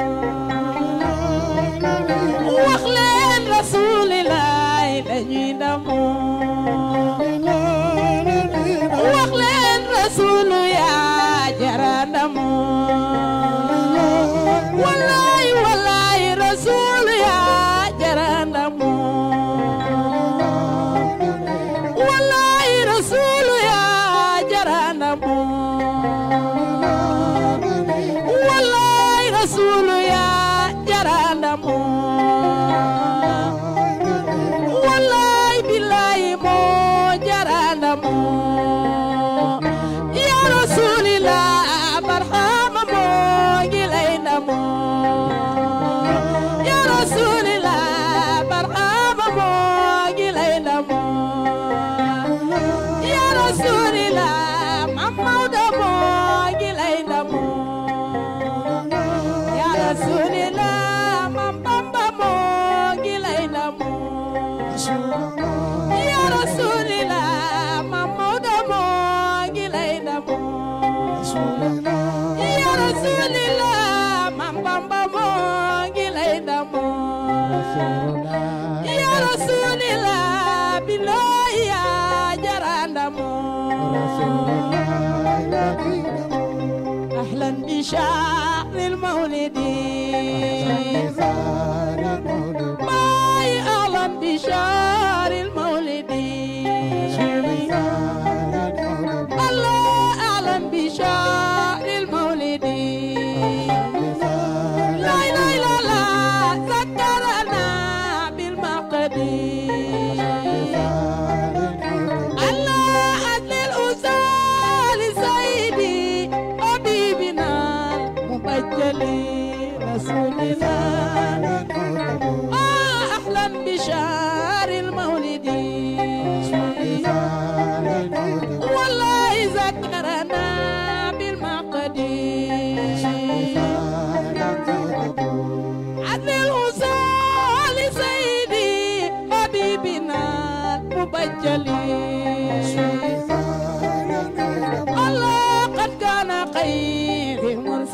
soon أهلا بينا المولدين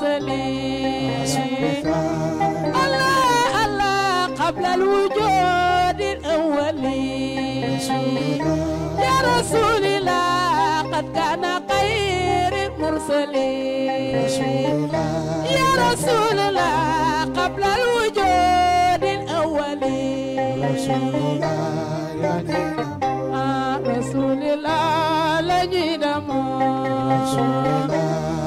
المرسلين الله الله قبل الوجود الأولي يا رسول الله قد كان خير المرسلين يا رسول الله قبل الوجود الأولي آه، رسول الله رسول الله لجد ما رسول الله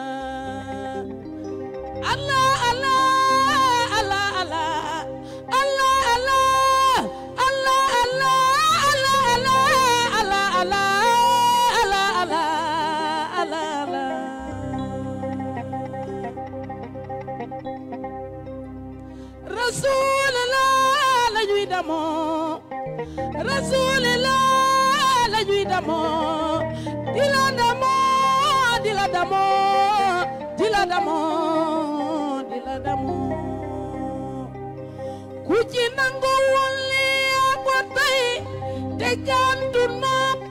damoo rasulillah la ñuy damoo di la damoo di la damoo di la damoo la te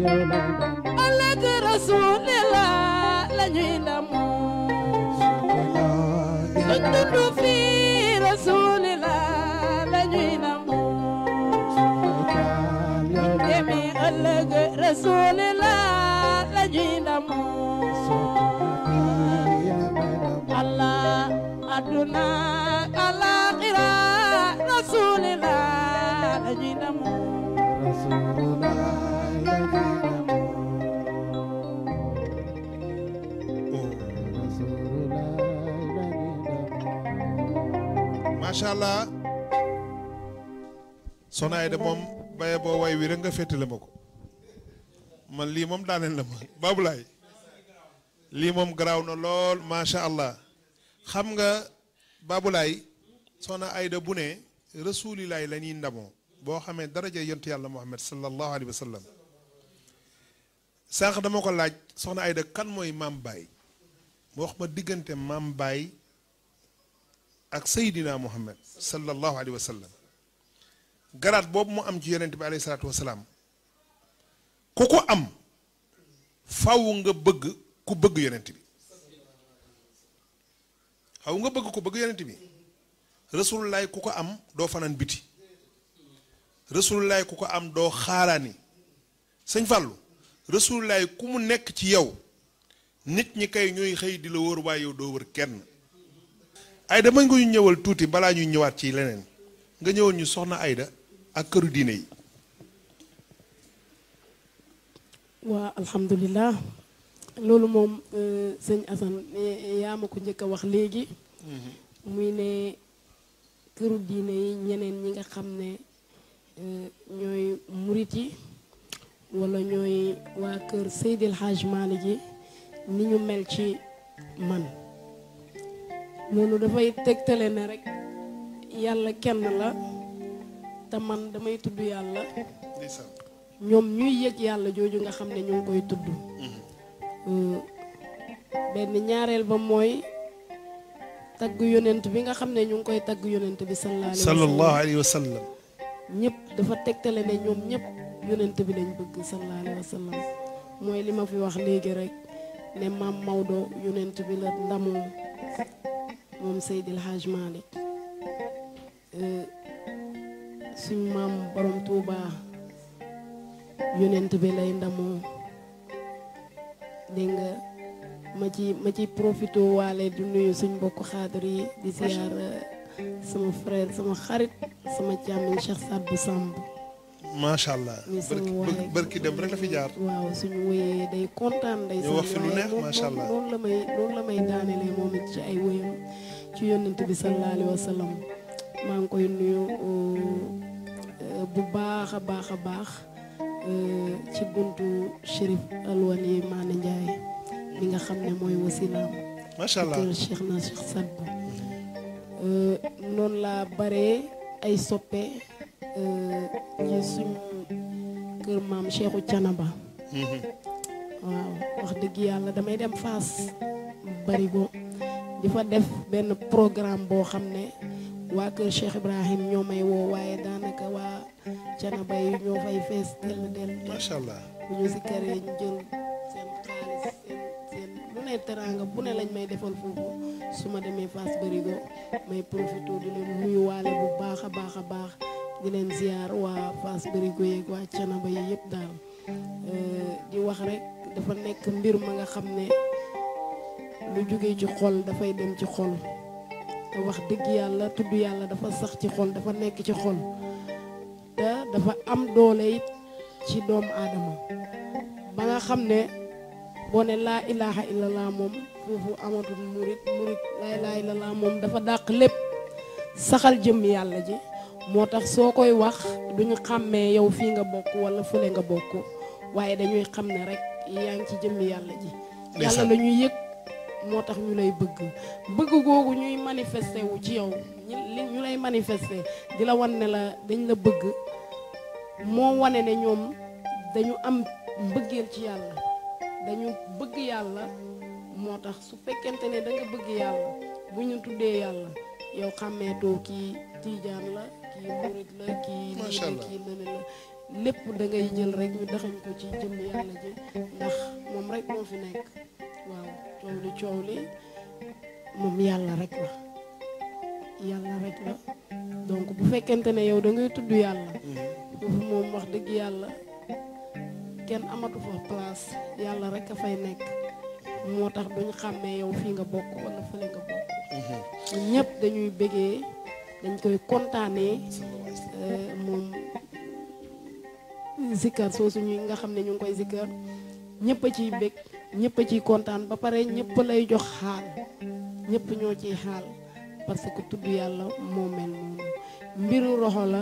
ëllëg rasulillah la allah aduna alaxira macha allah Soxna Aida moom baye rek nga féetale ma lii moom daaneel na ma Baabulaay lii moom garaaw na lool macha allah xam nga Baabulaay Soxna Aida bu ne rasulilaay la ñuy ndamoo boo xamee daraja yontu yàlla Muhammad sallallahu alayhi wa sallam sànq dama ko laaj Soxna Aida kan mooy maam baay mu wax ma diggante maam Baye ak saydina muhammad sallallahu alayhi wa sallam garaat boobu mu am ci yonent bi alayhi salaatu wa salaam ku ko am faw nga bëgg ku bëgg yonent bi xaw nga bëgg ku bëgg yonent bi rasululaay ku ko am doo fanaan biti rasululaay ku ko am doo xaaraani sëñ Fallou rasululaay ku mu nekk ci yow nit ñi kay ñooy xëy di la wër waaye yow doo wër kenn Aïda mën nga ñëwal tuuti balaa ñuy ñëwaat ci leneen nga ñëwal ñu soxna ayda ak këru diine yi. waa alhamdulilah loolu moom euh, sëñ Assane yaa ma ko njëkk a wax léegi. Mm-hmm. muy ne këru diine yi ñeneen ñi nga xam ne euh, ñooy murit yi wala ñooy waa kër Seydil Hadj Malick yi ni ñu mel ci man. loolu dafay tegtale ne rek yàlla kenn la te man damay tudd yàlla ñoom ñuy yëg yàlla jooju nga xam ne ñu ngi koy tudd mm-hmm. benn ñaareel ba mooy tagg yonent bi nga xam ne ñu ngi koy tagg yonent bi sallallahu alayhi wa sallam ñëpp dafa tegtale ne ñoom ñëpp bi lañ bëgg sallallahu mooy li ma fi wax léegi rek ne maam Maodo yonent bi la ndamoo moom Seydil Hadj Malick euh, suñ maam borom Touba yonent bi lay ndamoo dégg nga ma ci ma ci profité waale du nuyu suñ bokk xaadir yi di ziar euh, sama frère sama xarit sama càmmiñ Cheikh Sadbou Samb macha allah barki dem rek la fi jaar. waaw suñu woyee day kontaan day. ñu wax fi lu neex allah noonu la may noonu la maa ngi koy nuyu euh, bu baax a baax a baax euh, ci buntu Chérif Alwani Maane Ndiaye mi nga xam ne mooy wasilaam. macha allah kër euh, noonu laa baree ay soppe. ñu euh, suñu kër maam Cheikhou Canaba mhm. waaw wax dëgg yàlla damay dem Fass barigo di def benn programme boo xam ne waa kër Cheikh Ibrahim ñoo may woo waaye daanaka waa Canaba yi ñoo fay fees dell dell macha bu ne teraanga bu ne lañ may defal foofu su ma demee Fass barigo may profité di leen nuyuwaale bu baax a baax a baax di leen ziar waa Fass Barigo yeeg waa Canaba yi yëpp daal euh, di wax rek dafa nekk mbir ma nga xam ne lu jóge ci xol dafay dem ci xol te wax dëgg yàlla tudd yàlla dafa sax ci xol dafa nekk ci xol te dafa am doole it ci doomu aadama ba nga xam ne boo ne laa ilaha laa moom foofu amatul murit murit laa ilaha illallah moom dafa dàq lépp saxal jëm yàlla ji moo tax soo koy wax duñu xàmmee yow fii nga bokk wala fële nga bokk waaye dañuy xam ne rek yaa ngi ci jëmmi yàlla ji yàlla la ñuy yëg moo tax ñu lay bëgg bëgg googu ñuy manifesté wu ci yow ñu lay manifesté di la wan ne la dañ la bëgg moo wane ne ñoom dañu am bëggeel ci yàlla dañu bëgg yàlla moo tax su fekkente ne da bëgg yàlla bu ñu tuddee yàlla yow xàmmeetoo kii tiijaan la murit la kii lële kii lële la lépp da ngay jël rek ñu daxañ ko ci jëm yàlla ji ndax moom rek moo fi nekk waaw coow li coow li moom yàlla rek la yàlla bu fekkente ne yow da ngay tudd yàlla mm-hmm. foofu moom wax dëgg yàlla kenn amatu fa place yàlla rek a fay nekk moo tax duñ xàmmee yow fii nga bokk wala fële nga bokk mm-hmm. ñëpp dañuy bëggee dañ koy kontaanee euh, moom zikkar soosu ñuy nga xam ne ñu ngi koy zikkar ñëpp a ciy bég ñëpp a ciy kontaan ba pare ñëpp lay jox xaal ñëpp ñoo ciy xaal parce que tudd yàlla moom mel noonu mbiru roxo la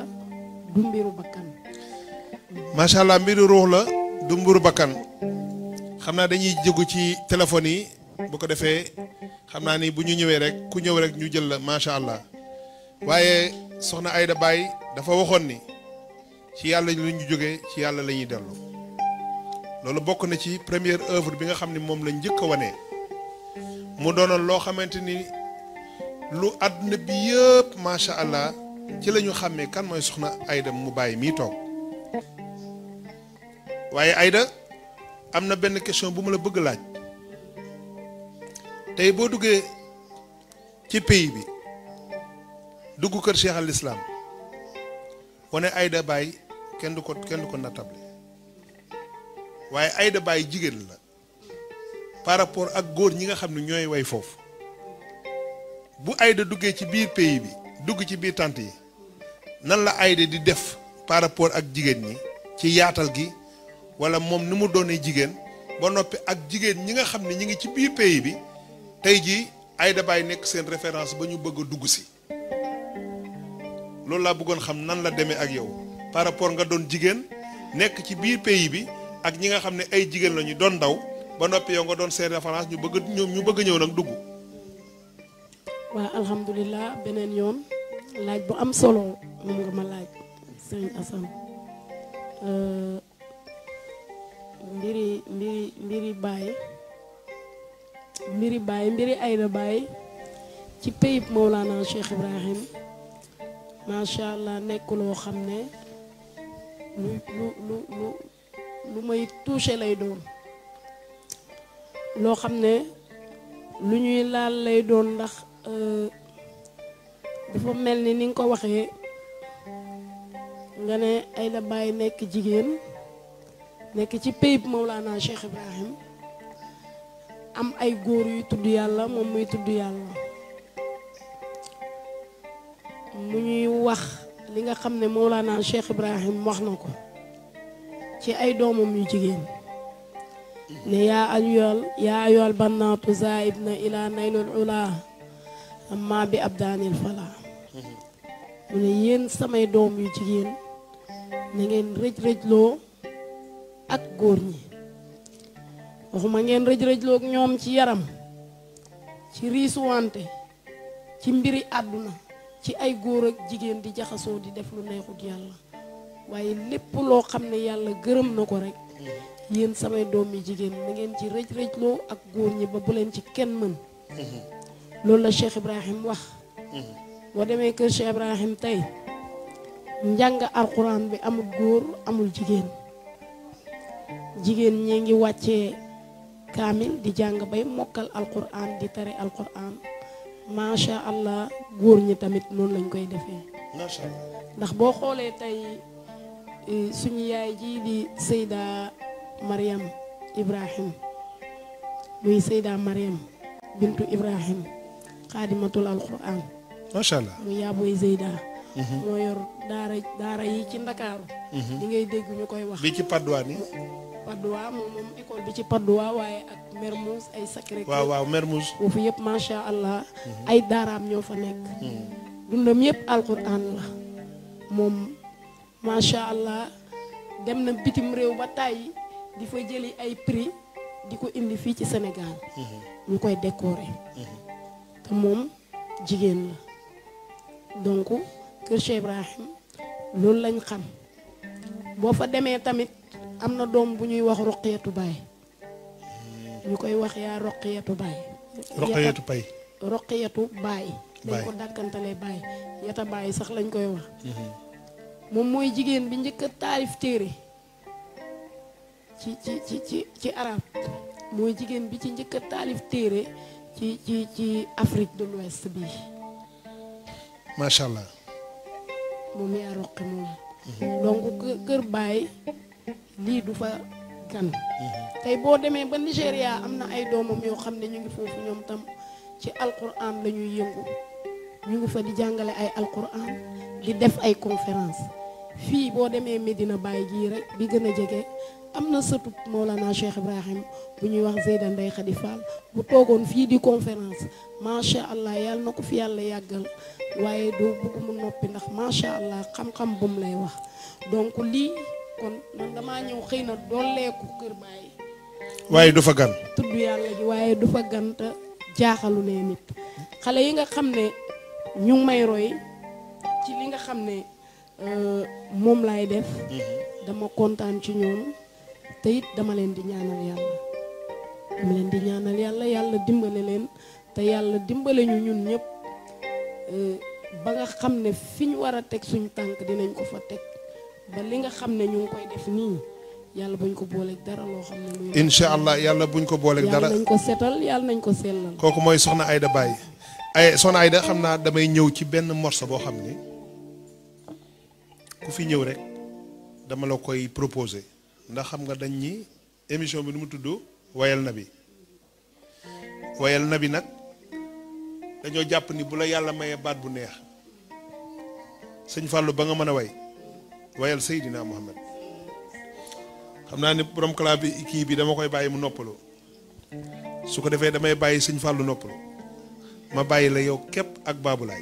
du mbiru bakkan. macha allah mbiru ruux la du mbiru bakkan xam naa dañuy jógu ci téléphone yi bu ko defee xam naa ni bu ñu ñëwee rek ku ñëw rek ñu jël la macha allah. waaye soxna Ayda Baye dafa waxoon ni ci yàlla lu ñu jógee ci yàlla la ñuy dellu loolu bokk na ci première œuvre bi nga xam ne moom la njëkk wane mu doonoon loo xamante ni lu àdduna bi yëpp macha allah ci la ñu xàmmee kan mooy soxna Ayda mu bàyyi mii toog waaye Ayda am na benn question bu ma la bëgg laaj tey boo duggee ci pays bi. dugg kër Cheikh al wane Aïda Baye kenn du ko kenn du ko nattable waaye Aïda Baye jigéen la par rapport ak góor ñi nga xam ne ñooy way foofu bu ayda duggee ci biir pays bi dugg ci biir tànt yi nan la Aïda di def par rapport ak jigéen ñi ci yaatal gi wala moom ni mu doonee jigéen ba noppi ak jigéen ñi nga xam ne ñi ngi ci biir pays bi tey jii Aïda Baye nekk seen référence ba ñu bëgg a dugg si loolu laa bëggoon xam nan la demee ak yow par rapport nga doon jigéen nekk ci biir pays bi ak ñi nga xam ne ay jigéen la doon ndaw ba noppi yow nga doon seen référence ñu bëgg ñu bëgg ñëw nag dugg. waaw alhamdulilah beneen yoon laaj bu am solo moom nga ma laaj sëñ Assane euh, mbiri mbiri mbiri Baye mbiri Baye mbiri Aïda Baye ci pays Mawlana Cheikh Ibrahim. macha allah nekk loo xam ne lu lu lu lu may touché lay doon loo xam ne lu ñuy laal lay doon ndax euh, dafa mel ni ni nga ko waxee nga ne ay la bàyyi nekk jigéen nekk ci pays bi Mawlana Cheikh Ibrahim am ay góor yuy tudd yàlla moom muy tudd yàlla mu ñuy wax li nga xam ne Mawlana Cheikh Ibrahim wax na ko ci ay doomam yu jigéen ne yaa ayool yaa ayool bannaatu zaib na ila naylul ula amma bi abdaanil fala mu ne yéen samay doom yu jigéen na ngeen rëj-rëjloo ak góor ñi waxuma ngeen rëj-rëjloo ak ñoom ci yaram ci riisuwante ci mbiri àdduna ci ay góor ak jigéen di jaxasoo di def lu neexut yàlla waaye lépp loo xam ne yàlla gërëm na ko rek yéen samay doom yi jigéen mu ngeen ci rëj rëjloo ak góor ñi ba bu leen ci kenn mën loolu la Cheikh Ibrahim wax boo demee kër Cheikh Ibrahim tey njàng alxuraan bi amul góor amul jigéen jigéen ñi ngi wàcce kaamil di jàng bay mokkal alxuraan di tari alxuraan macha allah góor ñi tamit noonu lañ koy defee. macha allah ndax boo xoolee tey eh, suñu yaay jii di Seyda Mariam Ibrahim muy Seyda Mariam Bintu Ibrahim xaadimatul alquran. macha mu muy yaaboy mhm. moo yor daara daara yi ci Ndakaaru. Mhm. li ngay dégg ñu koy wax. bi ci Padois nii. Padois moom moom bi ci Padois waaye ak Mermoz ay Sacré Cœur waaw waaw Mermoz foofu yëpp macha allah. Mhm. ay daaraam ñoo fa nekk. Mhm. dundam yëpp alquran la moom macha allah dem na bitim réew ba tàyyi di fa jëli ay prix di ko indi fii ci senegal mhm. ñu koy décorer. te moom jigéen la donc Kër Cheikh Ibrahim loolu lañ xam boo fa demee tamit. amna dom bu ñuy wax ruqiyatu bay ñu koy wax ya ruqiyatu bay ruqiyatu bay ruqiyatu bay dañ ko dàkkantale baay yata bay sax lañ koy wax mom mhm. moy jigen bi ñëk taarif téré ci ci ci ci ci arab moy jigen bi ci ñëk taarif téré ci ci ci Afrique de l'Ouest bi sha allah mom ya ruqiyatu moom mhm. donc lii du fa gan tey boo demee ba Nigéria am na ay doomam yoo xam ne ñu ngi foofu ñoom tam ci alquran la ñuy yëngu ñu ngi fa di jàngale ay alquran di def ay conférence fii boo demee Medina Baye gii rek bi gën a jege am na moo sëtu Mawlana Cheikh Ibrahim bu ñuy wax Zeyda Ndeye Khady bu toogoon fii di conférence macha allah yàlla na ko fi yàlla yàggal waaye doo bëgg noppi ndax macha allah xam-xam bu mu lay wax donc lii. kon man damaa ñëw xëy na dooleeku kër bàyyi. waaye du fa gan. tudd yàlla ji waaye du fa gan te jaaxalu lee nit xale yi nga xam ne ñu ngi may roy ci li nga xam ne euh, moom lay def. Mhm. dama kontaan ci ñoom te it dama leen di ñaanal yàlla. dama leen di ñaanal yàlla yàlla dimbale leen te yàlla dimbale ñu ñun ñëpp euh, ba nga xam ne fi ñu war a teg suñu tànk dinañ ko fa teg. ba li nga xam ne ñu ngi koy def nii yàlla buñ ko booleeg dara loo xam ne. incha allah yàlla buñ ko booleeg dara yàlla nañ ko setal yàlla nañ ko sellal. kooku mooy Soxna Aida Baye ay Soxna Aida xam naa damay ñëw ci benn morceau boo xam ni ku fi ñëw rek dama la koy proposé ndax xam nga dañ ñi émission bi nu mu tudd wayal na bi wayal na bi nag dañoo jàpp ni bu la yàlla mayee baat bu neex sëñ Fallou ba nga mën a way. wayal sayidina Muhammad xamna ni borom kala bi ki bi dama koy baye mu noppalo su ko defé damay baye seigne fallu noppalo ma baye la yow kep ak babulay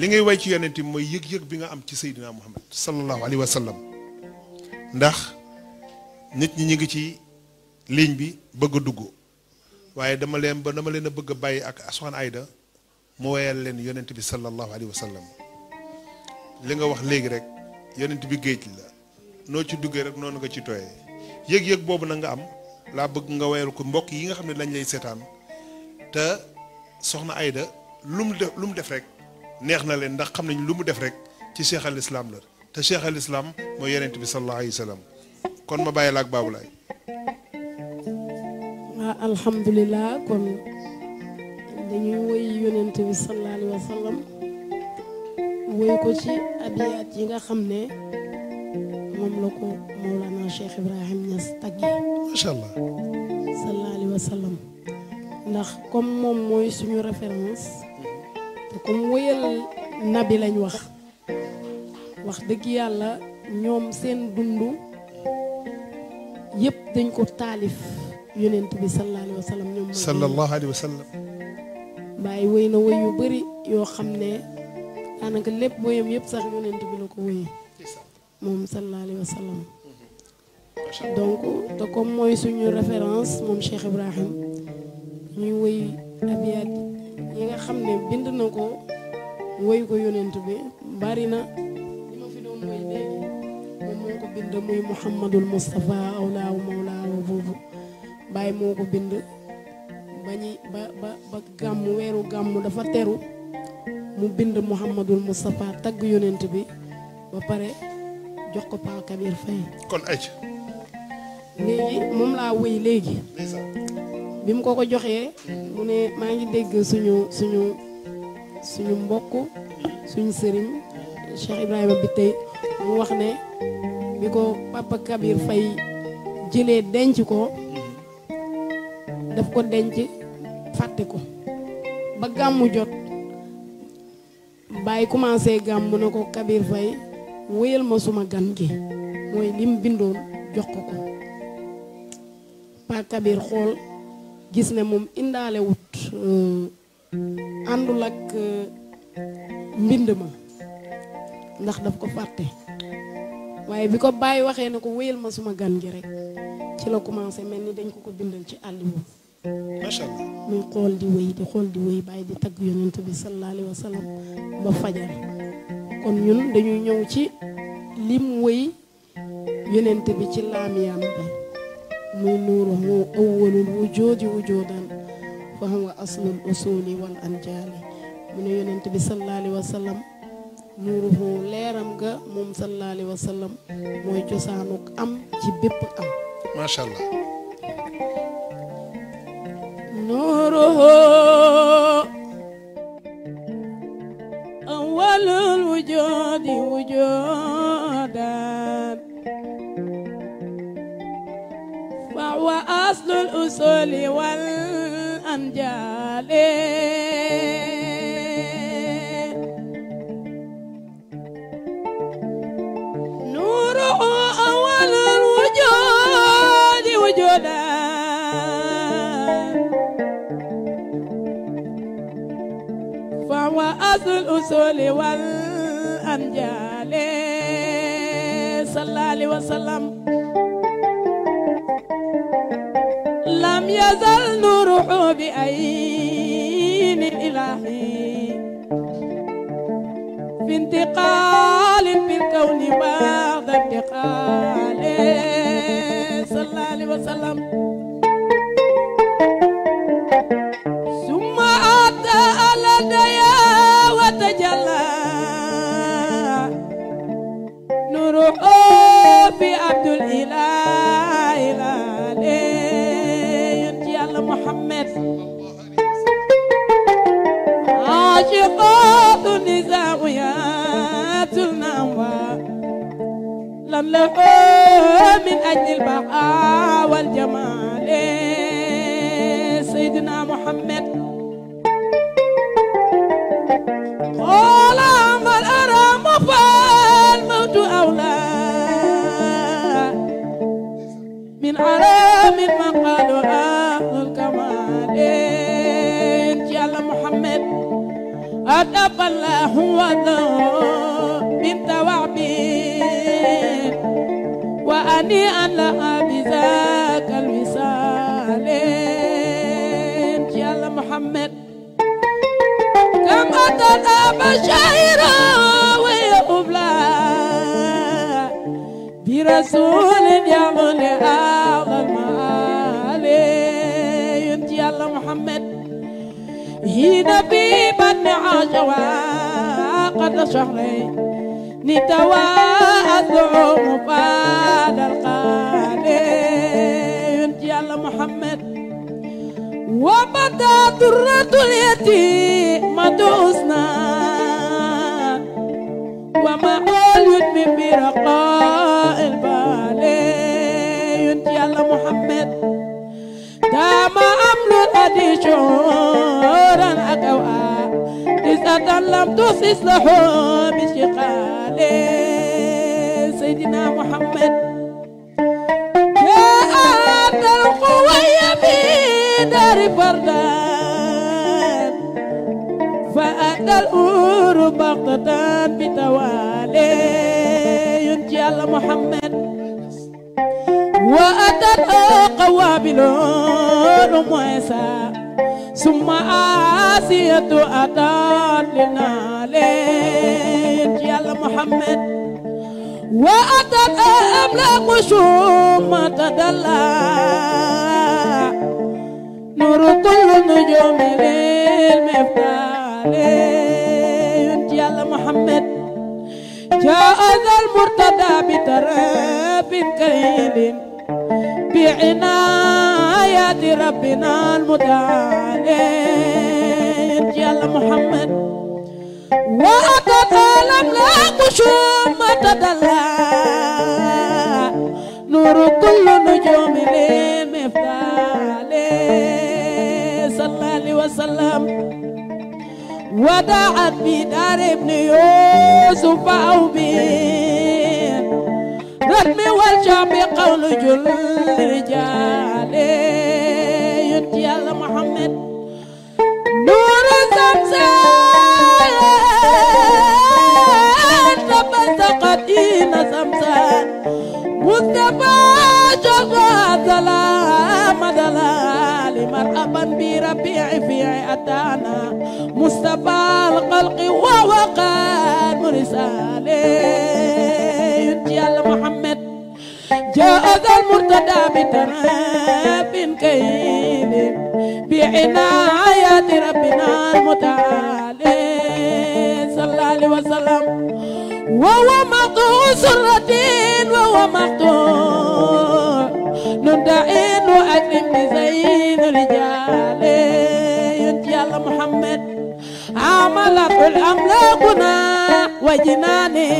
li ngay way ci yonent moy yeg yeg bi nga am ci sayidina Muhammad sallallahu alaihi wasallam. ndax nit ñi ñi ngi ci ligne bi bëgg a dugg waaye dama leen ba dama leen bëgg baye ak Soxna Ayda mo wayal leen yonent bi sallallahu alaihi wasallam. li nga wax léegi rek yonent bi géej la noo ci duggee rek noonu nga ci tooyee yëg-yëg boobu na nga am laa bëgg nga wayal ko mbokk yi nga xam ne lañ lay seetaan te soxna ayda lu mu def lu mu def rek neex na leen ndax xam nañ lu mu def rek ci cheikh al islam la te cheikh islaam islam mooy yonent bi sallallahu alayhi wa sallam kon ma bàyyi la ak Babou Laye. waaw ah, alhamdulilah kon dañuy woy yonent bi sallallahu alayhi woy ko ci abiyaat yi nga xam ne moom la ko Mawlana Cheikh Ibrahim Niass tagge macha allah sallallahu alayhi wa sallam ndax comme moom mooy suñu référence te comme woyal nabi lañ wax wax dëgg yàlla ñoom seen dundu yëpp dañ ko taalif yonent bi sallallahu alayhi wa sallam ñoom sallallahu alayhi wa sallam bàyyi woy na woy yu bëri yoo xam ne daanaka lépp woyam yëpp sax yonent bi la ko woyee moom sallallahu alayhi wa sallam donc te comme mooy suñu référence moom Cheikh Ibrahim ñuy woy abiyaat yi nga xam ne bind na ko woy ko yonent bi bari na moom moo ko bind muy Muhammadul Moustapha awlaaw mawlaaw bàyyi moo ko bind bañi ba ba ba gàmm weeru gàmm dafa teru mu bind Mouhamadul Moustapha tagg yonent bi ba pare jox ko Paa Kabir Faye kon aj léegi moom laa wéy léegi bi mu ko ko joxee mu ne maa ngi dégg suñu suñu suñu mbokk suñu sëriñ Cheikh Ibrahima bi tey mu wax ne bi ko Papa Kabir Faye jëlee denc ko daf ko denc fàtte ko ba gàmmu jot bàyyi commencé gàmm mu ne ko Kabir Faye wéyal ma suma gan gi mooy lim bindoon jox ko ko Pa Kabir xool gis ne moom indaale wut euh, àndul ak euh, mbind ma ndax daf ko fàtte waaye bi ko bàyyi waxee ne ko wéyal ma suma gan gi rek ci la commencé mel ni dañ ko ko bindal ci àll bi macha muy xool di wéy di xool di wéy bàyyi di tagg yonent bi sallallahu alayhi wa sallam ba fajar kon ñun dañuy ñëw ci lim wéy yonent bi ci laamiyam bi muy nuuru mu awwalul wujoodi wujoodan fa huwa aslul usuli wal anjaali mu ne yonent bi sallallahu alayhi wa sallam leeram nga moom sallallahu alayhi wa sallam mooy cosaanuk am ci bépp am نوره أول الوجود وجودا فهو أصل الأصول والأمجال راس الأصول والأنجال صلى الله عليه وسلم لم يزل نوره بأين الإله في انتقال في الكون بعد انتقال صلى الله عليه وسلم عاشقات نزاويات النوى من أجل البقاء والجمال سيدنا محمد قال ما الأرى فالموت أولى من عرام من قالوا قد أبلى هو من توابين وأني أنا بذاك الوصال يا محمد كم أتنا بشيرا ويقبلا برسول يا ملئا هنا بيبا عجوا قد شهري نتواضع مفاد القادم يا الله محمد ومتى اليتي ما مدوسنا وما أولد من برقاء البالين يا الله محمد dama am lu addition ak aw a tisatan lam tusislahu bi shiqale Seydina Muhammad dal quwaya bi dari bardan fa adal uru baqtan bi tawale yun ci Yàlla Muhammad وأتت قوابل موسى ثم آسية أتان لنا لك يا محمد وأتت أملاك شوم تدلى نور كل نجوم للمفتاح يا محمد جاء ذا المرتدى بتراب كريم بعناية ربنا المتعال يا محمد وأتطالب لا قشوم تدلى نور كل نجوم المفتال صلى الله عليه وسلم ودعت بدار ابن يوسف أو بيه رمي والجام قول جل رجال ينتي على محمد نور زمزان ربت قدين زمزان مصطفى جزا سلام دلال مرحبا بربيع في عتانا مصطفى القلق ووقار مرساله yàlla Muhammad jaa azal murtada bi tarafin kaydi bi inayati rabbina mutaale sallallahu alayhi wa sallam wa huwa maqtu suratin wa huwa maqtu nunda'in wa akrim bi zayn rijale yonent yàlla Muhammad amalatul amlakuna wa jinani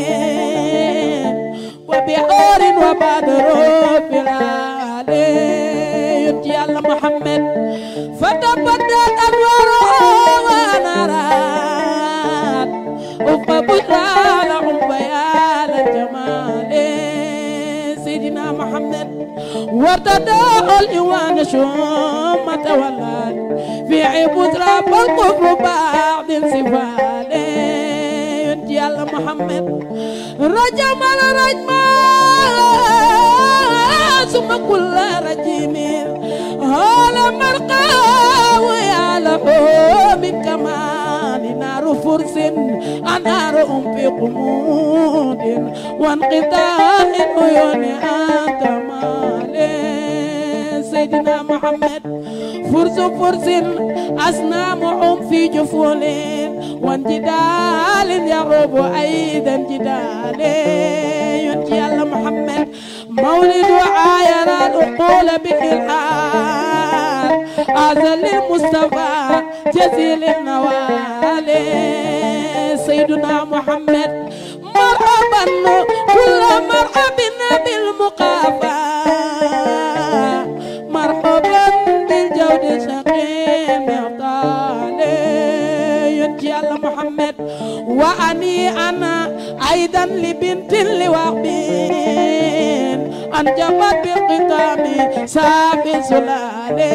وبحور وبدر في العالي يا محمد فتبدد أنواره ونارات وفبدى لهم بيان الجمال سيدنا محمد وتداخل إيوان شوم تولد في عبود رب القبر بعد انسفاله yàlla Muhammad raja mala raj ma suma kulla rajimi hala marqa wa yala min kamali naru fursin anaru umpi kumudin Wan kita anqita'in uyuni سيدنا محمد فرز فرس أصنامهم في جفون وانجدال رب أيضا جدال ينجي الله محمد مولد وعايرا العقول بالحال أزل المصطفى جزيل النوال سيدنا محمد مرحبا كل مرحبا بالمقابل وأني أنا أيضا لبنت لوابين أنجبت بالقطام ساق سلالة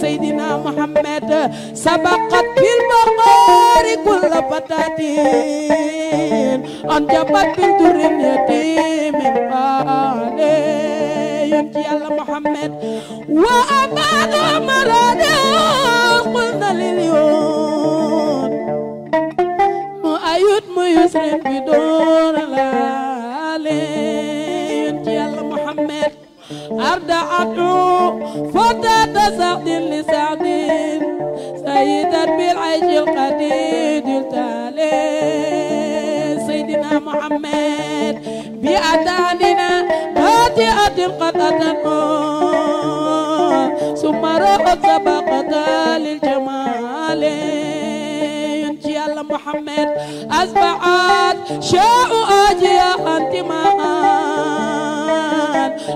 سيدنا محمد سبقت بالمغار كل فتاتين أنجبت بالدر يتيم قالين yonent yàlla Muhammad wa abado marada qulna lil yoon mu ayut mu yusrif bi door laale yonent yàlla Muhammad arda abdu fota da saxdin li saxdin sayidat bil ayjil qadidil taale محمد هاتي هادئة قد أتنوا ثم روح سبقت للجمال يا محمد أصبحت شاء أجي أنت معا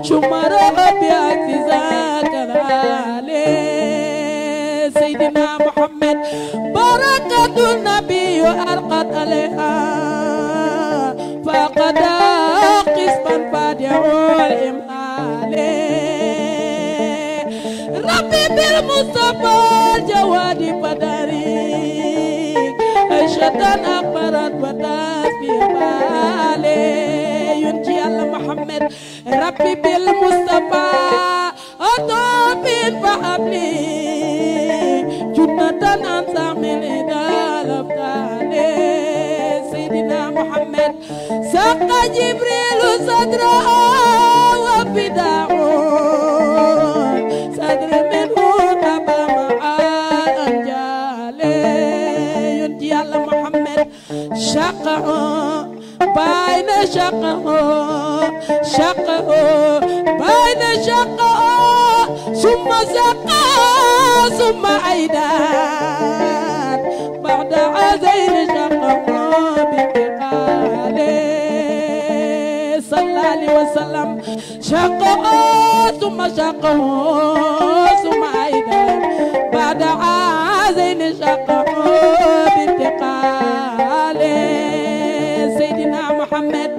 ثم روح بأكتزاك سيدنا محمد بركة النبي أرقت عليها ربي بالمصطفى أطوب فأبلي محمد سقى جبريل صدره وبداعه صدر منه طبع مع جالي ينجي على محمد شقه بين شقه شقه بين شقه ثم زقه ثم عيدان بعد عزيز شقه وسلم شقه ثم شقه ثم أيضا بعد عازين شقه بانتقال سيدنا محمد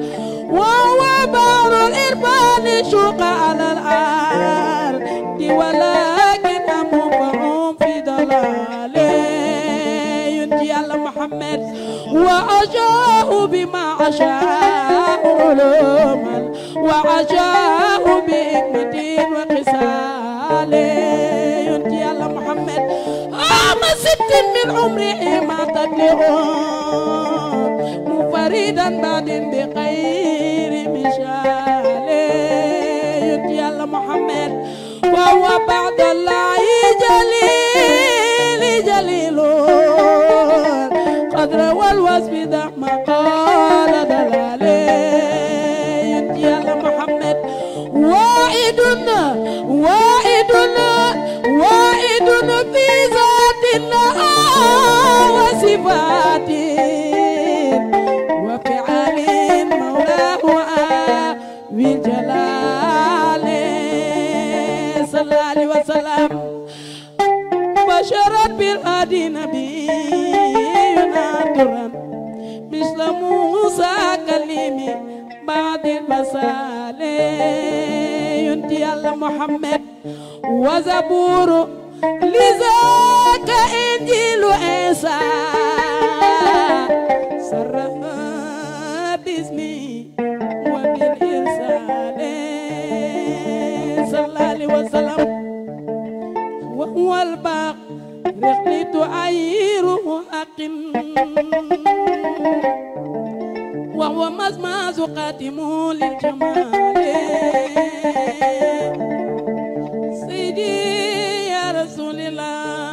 وهو بار الإرفان شوق على الأرض ولكن أمهم في ضلال ينجي الله محمد وأشاه بما أشاء علوم وعشاه بإن دين وخسال ينتي يا محمد عام ست من عمري ما تدلعون مفردا بعد بخير مشال ينتي يا محمد وهو بعد وفعل مولاه بالهادي نبينا درا مثل موسى كلمي بعد البصالة ينتي على محمد وزبور لذاك إنجيل عيسى سرها باسمي وبالإرسال صلى الله عليه وسلم وهو الباق رقيت عيره حق وهو مزماز قاتم للجمال سيدي يا رسول الله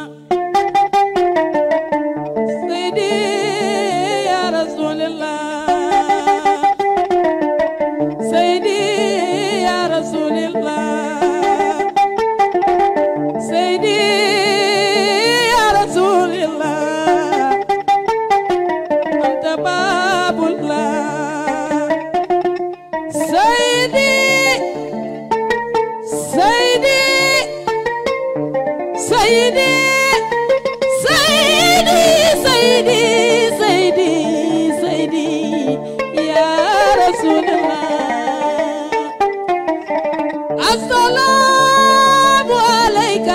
السلام عليك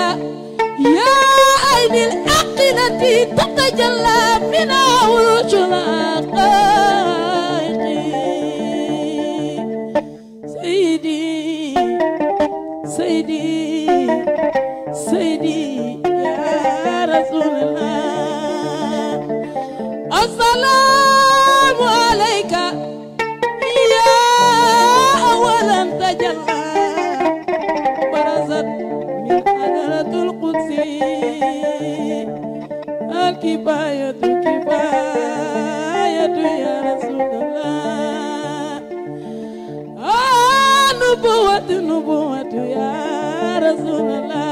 يا عين التي تتجلى من عروش الحقائق سيدي سيدي سيدي يا رسول الله السلام عليك يا أولا تجلى نبوة نبوة يا رسول الله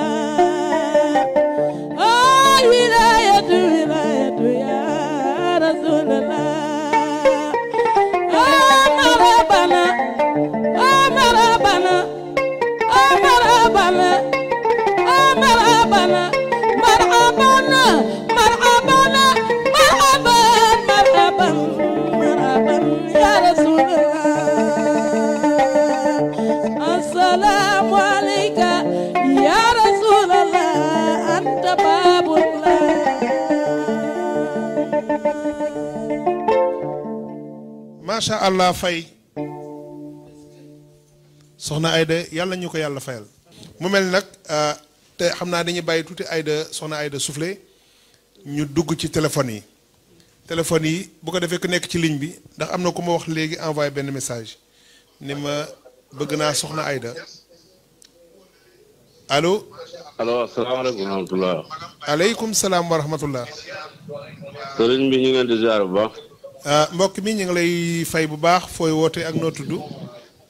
macha allah fay soxna Aida yàlla ñu ko yàlla fayal. mu mel nag euh, te xam naa dañuy bàyyi tuuti ayda soxna Aida soufflé ñu dugg ci téléphone yi téléphone yi bu ko defee ku nekk ci ligne bi ndax am na ku ma wax léegi envoyé benn message ni ma bëgg naa soxna ayda allo. allo asalaamaaleykum wa aleykum salaam wa rahmatulah. sëriñ bi ñu ngi leen di ziar Euh, mbokk mi ñu ngi lay fay bu baax fooy woote ak noo tudd.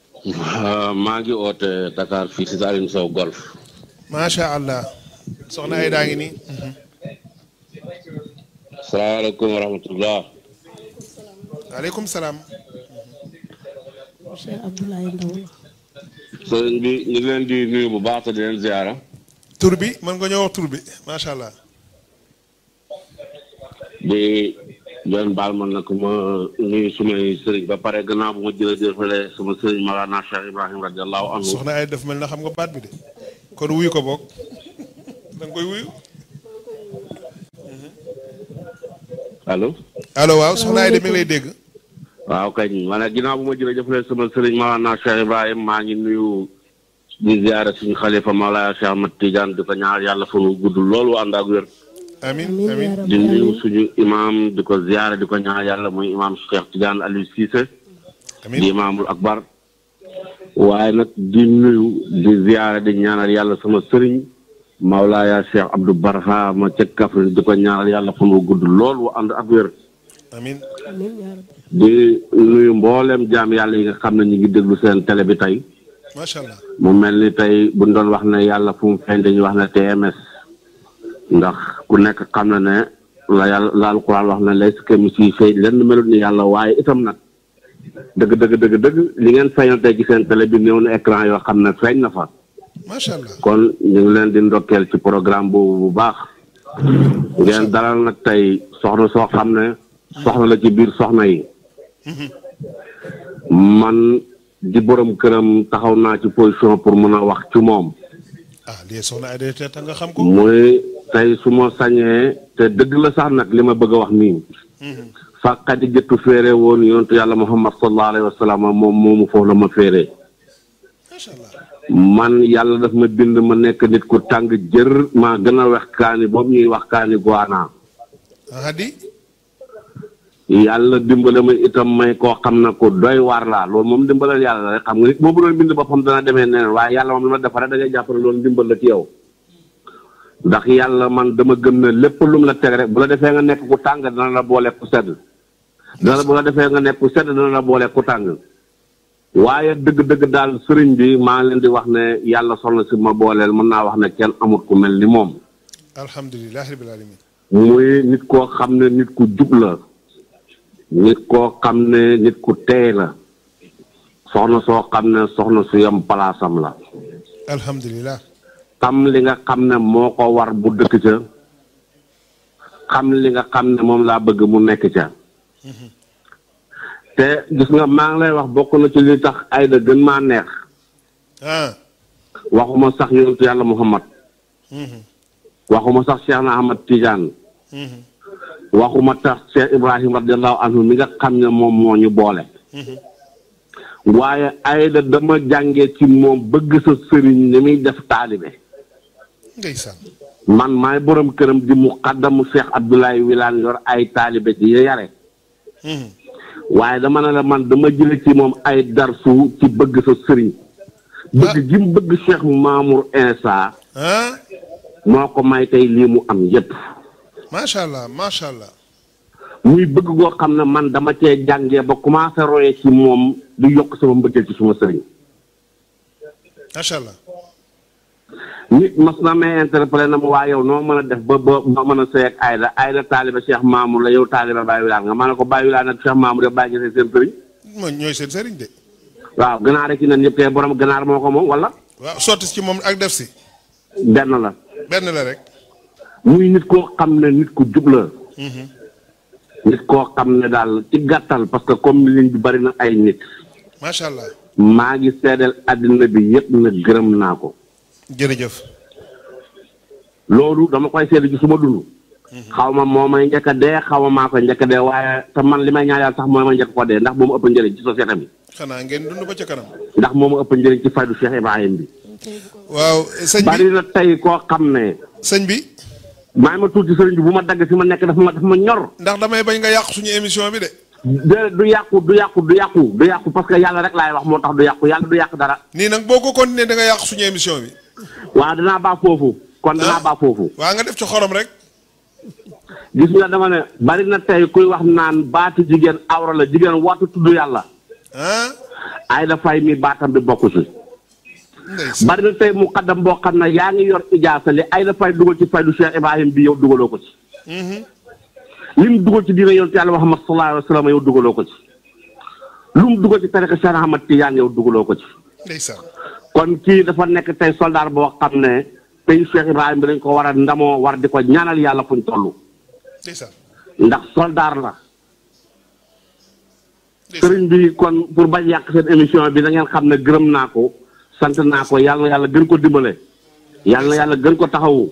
maa ngi woote Dakar fii si Alioune Sow golf. macha allah. soxna ay daa ngi nii. salaamaaleykum salaam. Cheikh Abdoulaye ngi leen di nuyu bu baax te di leen tur bi mën nga ñëw wax tur bi macha allah. leen baal man nag ma nuyu sumay sëriñ ba pare gannaaw bu ma jëlee jëfale sama sëriñ Mawlana Cheikh Ibrahim radiallahu anhu soxna ay def mel na xam nga baat bi de kon wuyu de dégg. waaw kañ ma ne ginnaaw bu ma jëlee sama sëriñ Mawlana Cheikh Ibrahim maa ngi nuyu di ziare suñu xalifa Mawlana Cheikh Ahmad Tidiane di ko ñaar yàlla fa mu gudd loolu ànd ak wér. amiin amiin di nuyu suñu imaam di ko ziyaara di ko ñaan yàlla muy imaam Cheikh Tidiane Aliou Cissé. amiin di imaamul akbar waaye nag di nuyu di ziyaara di ñaanal yàlla sama sëriñ Mawlaaya Cheikh Abdou Barhama ca Kaffrine di ko ñaanal yàlla fan wu gudd lool wu ànd ak wér. amiin di nuyu mbooleem jaam yàlla yi nga xam na ñu ngi déglu seen télé bi tey. macha mu mel ni tey bu doon wax na yàlla fu mu feeñ dañuy wax ne TMS. ndax ku nekk xam na ne la yàlla la alquran wax na lay sukkand si fay lenn melut ni yàlla waaye itam nag dëgg dëgg dëgg li ngeen feeñal tey ci seen télé bi néew na écran yoo xam ne feeñ na fa. kon ñu ngi leen di ndokkeel ci programme boobu bu baax. ngeen dalal nag tey soxna soo xam ne soxna la ci biir soxna yi. Mm-hmm. man di borom këram taxaw naa ci position pour mën a wax ci moom. Ah, muy tey su ma sañee te dëgg la sax nag li ma bëgg a wax nii fàqati jëttu féere woon yonentu yàlla muhammad sallallahu alayhi wa sallam moom moomu foofu la ma féere man yàlla daf ma bind ma nekk nit ku tàng jër maa gën a wax kaani boobu ñuy wax kaani guwaanaa yàlla dimbale ma itam may koo xam na ko doy waar laa loolu moom dimbalal yàlla rek xam nga nit boobu doon bind boppam dana demee neneen waaye yàlla moom la ma defare da jàppale loolu dimbal la ci yow ndax yàlla man dama gën ne lépp lum la teg rek bu la defee nga nekk ku tàng dana la boole ku sedd dana la bu la defee nga nekk ku sedd dana la boole ku tàng waaye dëgg-dëgg daal sëriñ bi maa ngi leen di wax ne yàlla sonn si ma booleel mën naa wax ne kenn amut ku mel ni moom. alhamdulilah rabbil alamin muy nit koo xam ne nit ku jub la. nit koo xam ne nit ku teey la. soxna soo xam ne soxna su yam palaasam la. xam li nga xam ne moo ko war bu dëkk ca xam li nga xam ne moom laa bëgg mu nekk ca te gis nga maa ngi lay wax bokk na ci li tax Aïda gën maa neex waxuma sax yonentu yàlla Muhammad waxuma sax Cheikh na Ahmad Tidiane waxuma tax Cheikh Ibrahim radiallahu anhu mi nga xam ne moom moo ñu boole waaye Aïda dama jàngee ci moom bëgg sa sëriñ ni muy def taalibe ndeysaan man maay borom këram di muqaddamu Cheikh Abdoulaye Wilane yor ay taalibe di yare hmm. waaye dama ne la man dama jële ci moom ay darsu ci bëgg sa sëriñ bëgg jim ah. bëgg Cheikh Mamour Insa ah. moo ko may tey lii mu am yépp macha allah macha muy bëgg goo xam ne man dama cee jàngee ba commencé royee ci moom di yokk sama mbëggeel ci suma sëriñ macha nit mas na may interpellé na ma waa yow noo mën a def ba ba noo mën a sëy ak ay Aida taaliba Cheikh Mamour la yow taaliba Baye Wilane nga ma ne ko Baye Wilane ak Cheikh Mamour yow bàyyi nga seen sëriñ. man ñooy seen sëriñ de. waaw ganaar ci nan ñëpp tey borom ganaar moo ko moom wala. moom ak def benn la. benn la rek. muy nit koo xam ne nit ku jub la. Mhm. nit koo xam ne daal ci gàttal parce que comme liñ bari na ay nit. macha allah. maa ngi seedeel àddina bi yëpp na gërëm naa ko. jërëjëf loolu dama koy seede ci suma dund mhm. xaw ma moo may njëkk a dee xaw ma maa koy njëkk a dee waaye te man li may ñaan sax mooy ma njëkk ko dee ndax moom ëpp njëriñ ci société bi xanaa ngeen dund ba ca kanam ndax moom ëpp njëriñ ci faydu Cheikh Ibrahim bi waaw sëñ bi bari na tey koo xam ne sëñ bi maa ma tuuti sëriñ bi bu ma dagg si ma nekk dafa ma dafa ma ñor ndax damay bañ nga yàq suñu émission bi de déedéet du yàqu du yàqu du yàqu du yàqu parce que yàlla rek laay wax moo tax du yàqu yàlla du yàq dara nii nag boo ko continuer da nga yàq suñu émission bi waaw danaa baax foofu. kon danaa ah. baax foofu. waaw nga def ci xorom rek. gis nga dama ne bari na tey kuy wax naan baatu jigéen awra la jigéen waxtu tudd yàlla. Ah. ay da fay mi baatam bi bokku si. bari na tey mu xaddam boo xam ne yaa ngi yor ijaasa ay da dugal ci fay du Cheikh Ibrahim bi yow dugaloo ko ci. Mm-hmm. lim dugal ci yoon yonent yàlla Muhammad sallallahu alayhi wa sallam yow dugaloo ko ci. lum dugal ci tariqa Cheikh Ahmad Tidiane yow dugaloo ko ci. kon ki dafa nek tay soldat bo xamne ne Cheikh ibrahim bi dañ ko wara ndamo war diko ñaanal yalla fuñ ça ndax soldat la. sëriñ bi kon pour bañ yak seen émission bi da ngeen xamne ne nako sant nako yalla yalla gën ko dimbalé yalla yalla gën ko taxawu.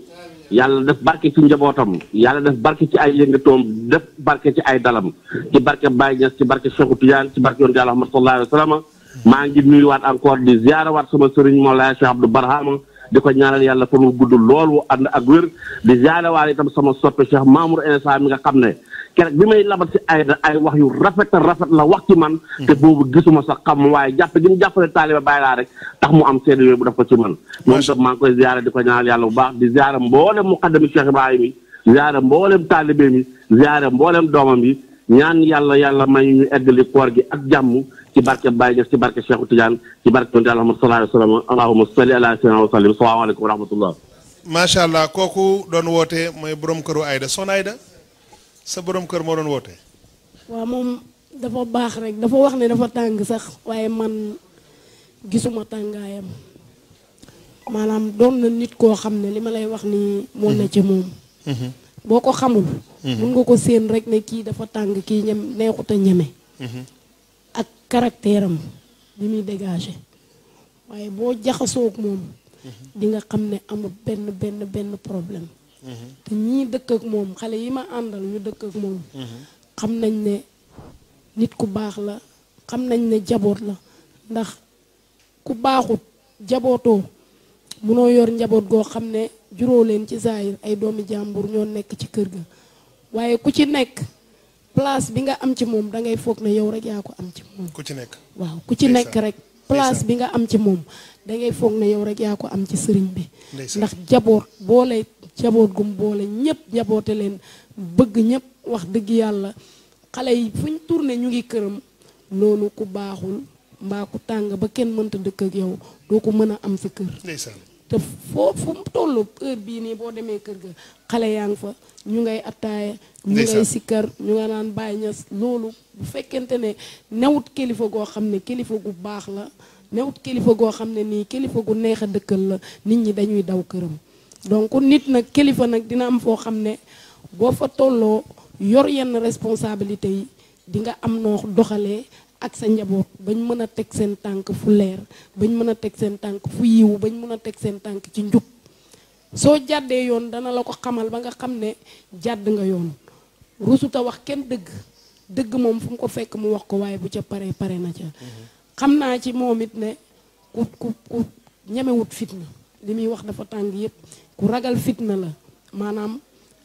yalla def barke ci njabotam yalla def barke ci ay yëngatoom def barke ci ay dalam ci barke Baye ñass ci barke Cheikh Tidiane ci barke yalla Muhammad sallallahu alayhi wasallam maa ngi nuyuwaat encore di ziarawaat sama moo sëriñ Mawlaaya Cheikh Abdou Barhama di ko ñaanal yàlla fa mu gudd lool wu ànd ak wér di ziarawaat itam sama soppe Cheikh Mamour Insa mi nga xam ne keroog bi may labat si ay wax yu rafet a rafet la wax ki man. te boobu gisuma sax xam waaye jàpp gi mu jàppale taaliba bàyyi laa rek tax mu am seen yooyu bu def ko ci man. moom itam maa ngi koy ziara di ko ñaanal yàlla bu baax di ziara mboolem muqaddami Cheikh Ibrahima yi ziara mboolem taalibe mi ziara mboolem doomam yi ñaan yàlla yàlla may ñu eggali koor gi ak jàmm ci barke Baye Niass ci barke Cheikh Tidiane ci barke Yonte Allahumma sallallahu alayhi wa sallam Allahumma salli ala sayyidina wa sallim assalamu alaykum wa rahmatullah Allah koku don wote moy borom Aida son Aida sa borom keur mo don wote wa mom dafa bax rek dafa wax ne dafa tang sax waye man gisuma tangayam manam don na nit ko xamne lima lay wax ni mo na ci mom mm-hmm. boko xamul mën mm-hmm. nga ko seen rek ne ki dafa tang ki ñem ñeme mm-hmm. caractère am li muy dégagé waaye boo jaxasoog moom mhm. di nga xam ne amul benn benn benn problème mhm. te ñii dëkk ak moom xale yi ma àndal ñu dëkk ak moom mhm. xam nañ ne nit ku baax la xam nañ ne jaboot la ndax ku baaxut jabootoo noo yor njaboot goo xam ne juróo leen ci zaayir ay doomi jàmbur ñoo nekk ci kër gi waaye ku ci nekk place bi nga am ci moom da ngay foog ne yow rek yaa ko am ci moom. ku ci nekk. waaw ku ci nekk rek. place bi nga am ci moom da ngay foog ne yow rek yaa ko am ci sëriñ bi. ndax jaboot boole jaboot gum boole ñëpp jaboote leen bëgg ñëpp wax dëgg yàlla xale yi fuñ turne ñu ngi këram loolu ku baaxul mbaa ku tàng ba kenn mënta dëkk ak yow doo ko mën a am sa kër. te foo fu heure bii nii boo demee kër ga xale yaa ngi fa ñu ngay attaaya ñu ngay sikkar ñu nga naan bàyyi loolu bu fekkente ne newut kilifa goo xam ne kilifa gu baax la newut kilifa goo xam ne nii kilifa gu neex a dëkkal la nit ñi dañuy daw këram donc nit nag kilifa nag dina am foo xam ne boo fa tolloo yor yenn responsabilité yi dinga am noo doxalee ak sa njaboot bañ mën a teg seen tànk fu leer bañ mën a teg seen tànk fu yiw bañ mën a teg seen tànk ci njub soo jàddee yoon dana la ko xamal ba nga xam ne jàdd nga yoon rusuta wax kenn dëgg dëgg moom fu mu ko fekk mu wax ko waaye bu ca pare pare na ca xam naa ci moom ne ku ku ku ñemewut fitna li muy wax dafa tàng yépp ku ragal fitna la maanaam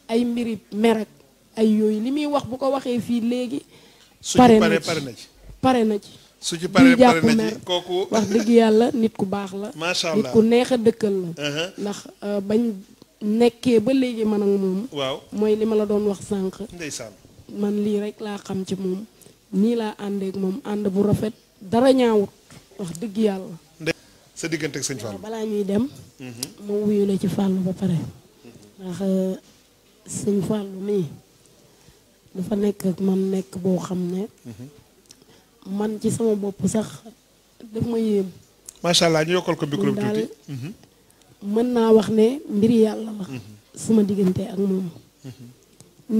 ay mbiri mer ak ay yooyu li muy wax bu ko waxee fii léegi pare na ci pare na ci. su ci paree pare na ci kooku wax dëgg yàlla nit ku baax la. macha allah nit ku neex a dëkkal la. Uh-huh. ndax euh, bañ nekkee ba léegi man ak moom. waaw mooy li ma la doon wax sànq. man lii rek laa xam ci moom nii laa àndeek moom ànd bu rafet dara ñaawut wax dëgg yàlla. sa diggante ak sëñ Fall. balaa ñuy dem. Mm-hmm. ci Fall ba pare. ndax euh, sëñ Fall mii dafa nekk ak man nekk boo xam ne. Mm-hmm. man ci sama bopp sax daf ma yéem. macha allah ñu yokkal ko micro bi tuuti mhm. mën naa wax ne mbir yàlla la. Mhm. suma diggante ak moom. Mhm.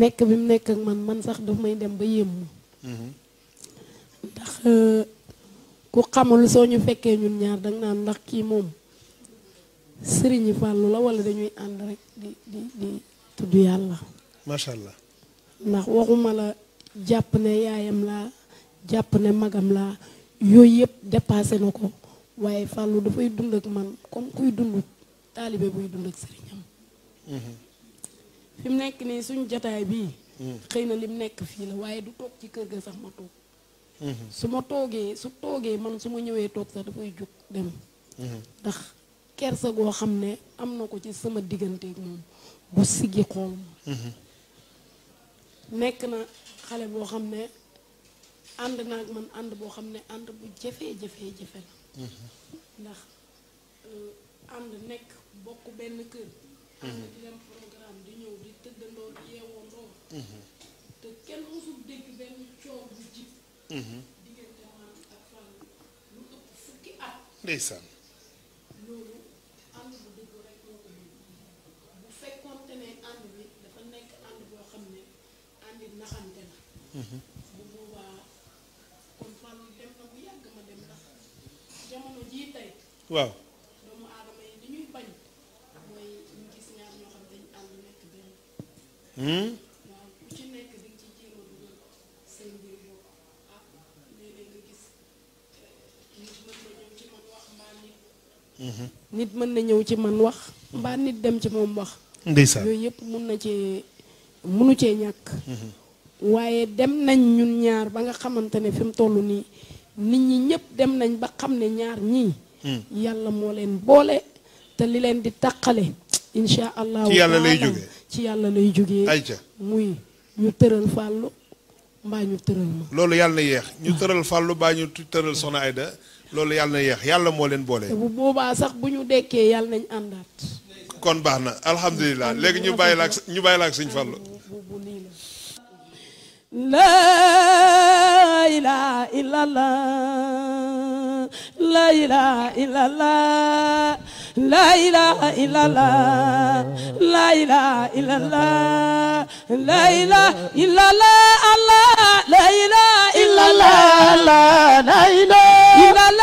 nekk bi mu nekk ak man man sax daf may dem ba yéem. ndax euh, ku xamul soo ñu fekkee ñun ñaar dag naan ndax kii moom sëriñi fàllu la wala dañuy ànd rek di di di tudd yàlla. macha allah. ndax waxuma la jàpp ne yaayam laa. jàpp ne magam laa yooyu yëpp dépassé na ko waaye Fallou dafay dund ak man comme kuy dund taalibe buy dund ak sëriñam mhm. fi mu nekk nii suñ jataay bii mhm. xëy na lim nekk fii la waaye du toog ci kër ga sax ma toog mhm. su ma toogee su toogee man su ma ñëwee toog sax dafay jóg dem ndax kersa goo xam ne am na ko ci sama digganteeg moom bu siggi xool ma nekk na xale boo xam ne ànd naag man ànd boo xam ne ànd bu jafee jafee jafe la mm-hmm. ndax euh, ànd nekk bokk benn kër ànd mm-hmm. di dem programme di ñëw di tëddandoo di yeewandoo mm-hmm. te kenn mosul dégg benn coow bu jib diggante man ak fan lu ëpp fukki at ndeysaan loolu ànd bu dëgg rek moo ko bu fekkoonte ne ànd bi dafa nekk ànd boo xam ne àndi naxante la waaw gis ñaar ñoo hmm? ah, eh, nit mën na ñëw ci man wax mbaa nit hmm. nit ci man wax mbaa nit dem ci moom wax ndeysaan yooyu yëpp mun na cee munu cee ñàkk hmm. waaye dem nañ ñun ñaar ba nga xamante ne fi toll nii nit ñi ñëpp dem nañ ba xam ne ñaar ñii Mm. yàlla moo leen boole te li leen di taqale incha allahu ci yàlla lay jóge ci yàlla lay jógee ayca muy ñu tëral fàllu mbaa ñu tëral ma loolu yàlla na yeex ñu tëral fàllu mbaa ñu tëral soxna Aida loolu yàlla na yeex yàlla moo leen boole bu boobaa sax bu ñu dekkee yàlla nañ àndaat kon baax na alhamdulilah léegi ñu bàyyi laak ñu bàyyi laak suñ fàllu laa ilaaha illallaah لا إله إلا الله لا إله إلا الله لا إله إلا الله لا إله إلا الله الله لا إله إلا الله لا إله إلا الله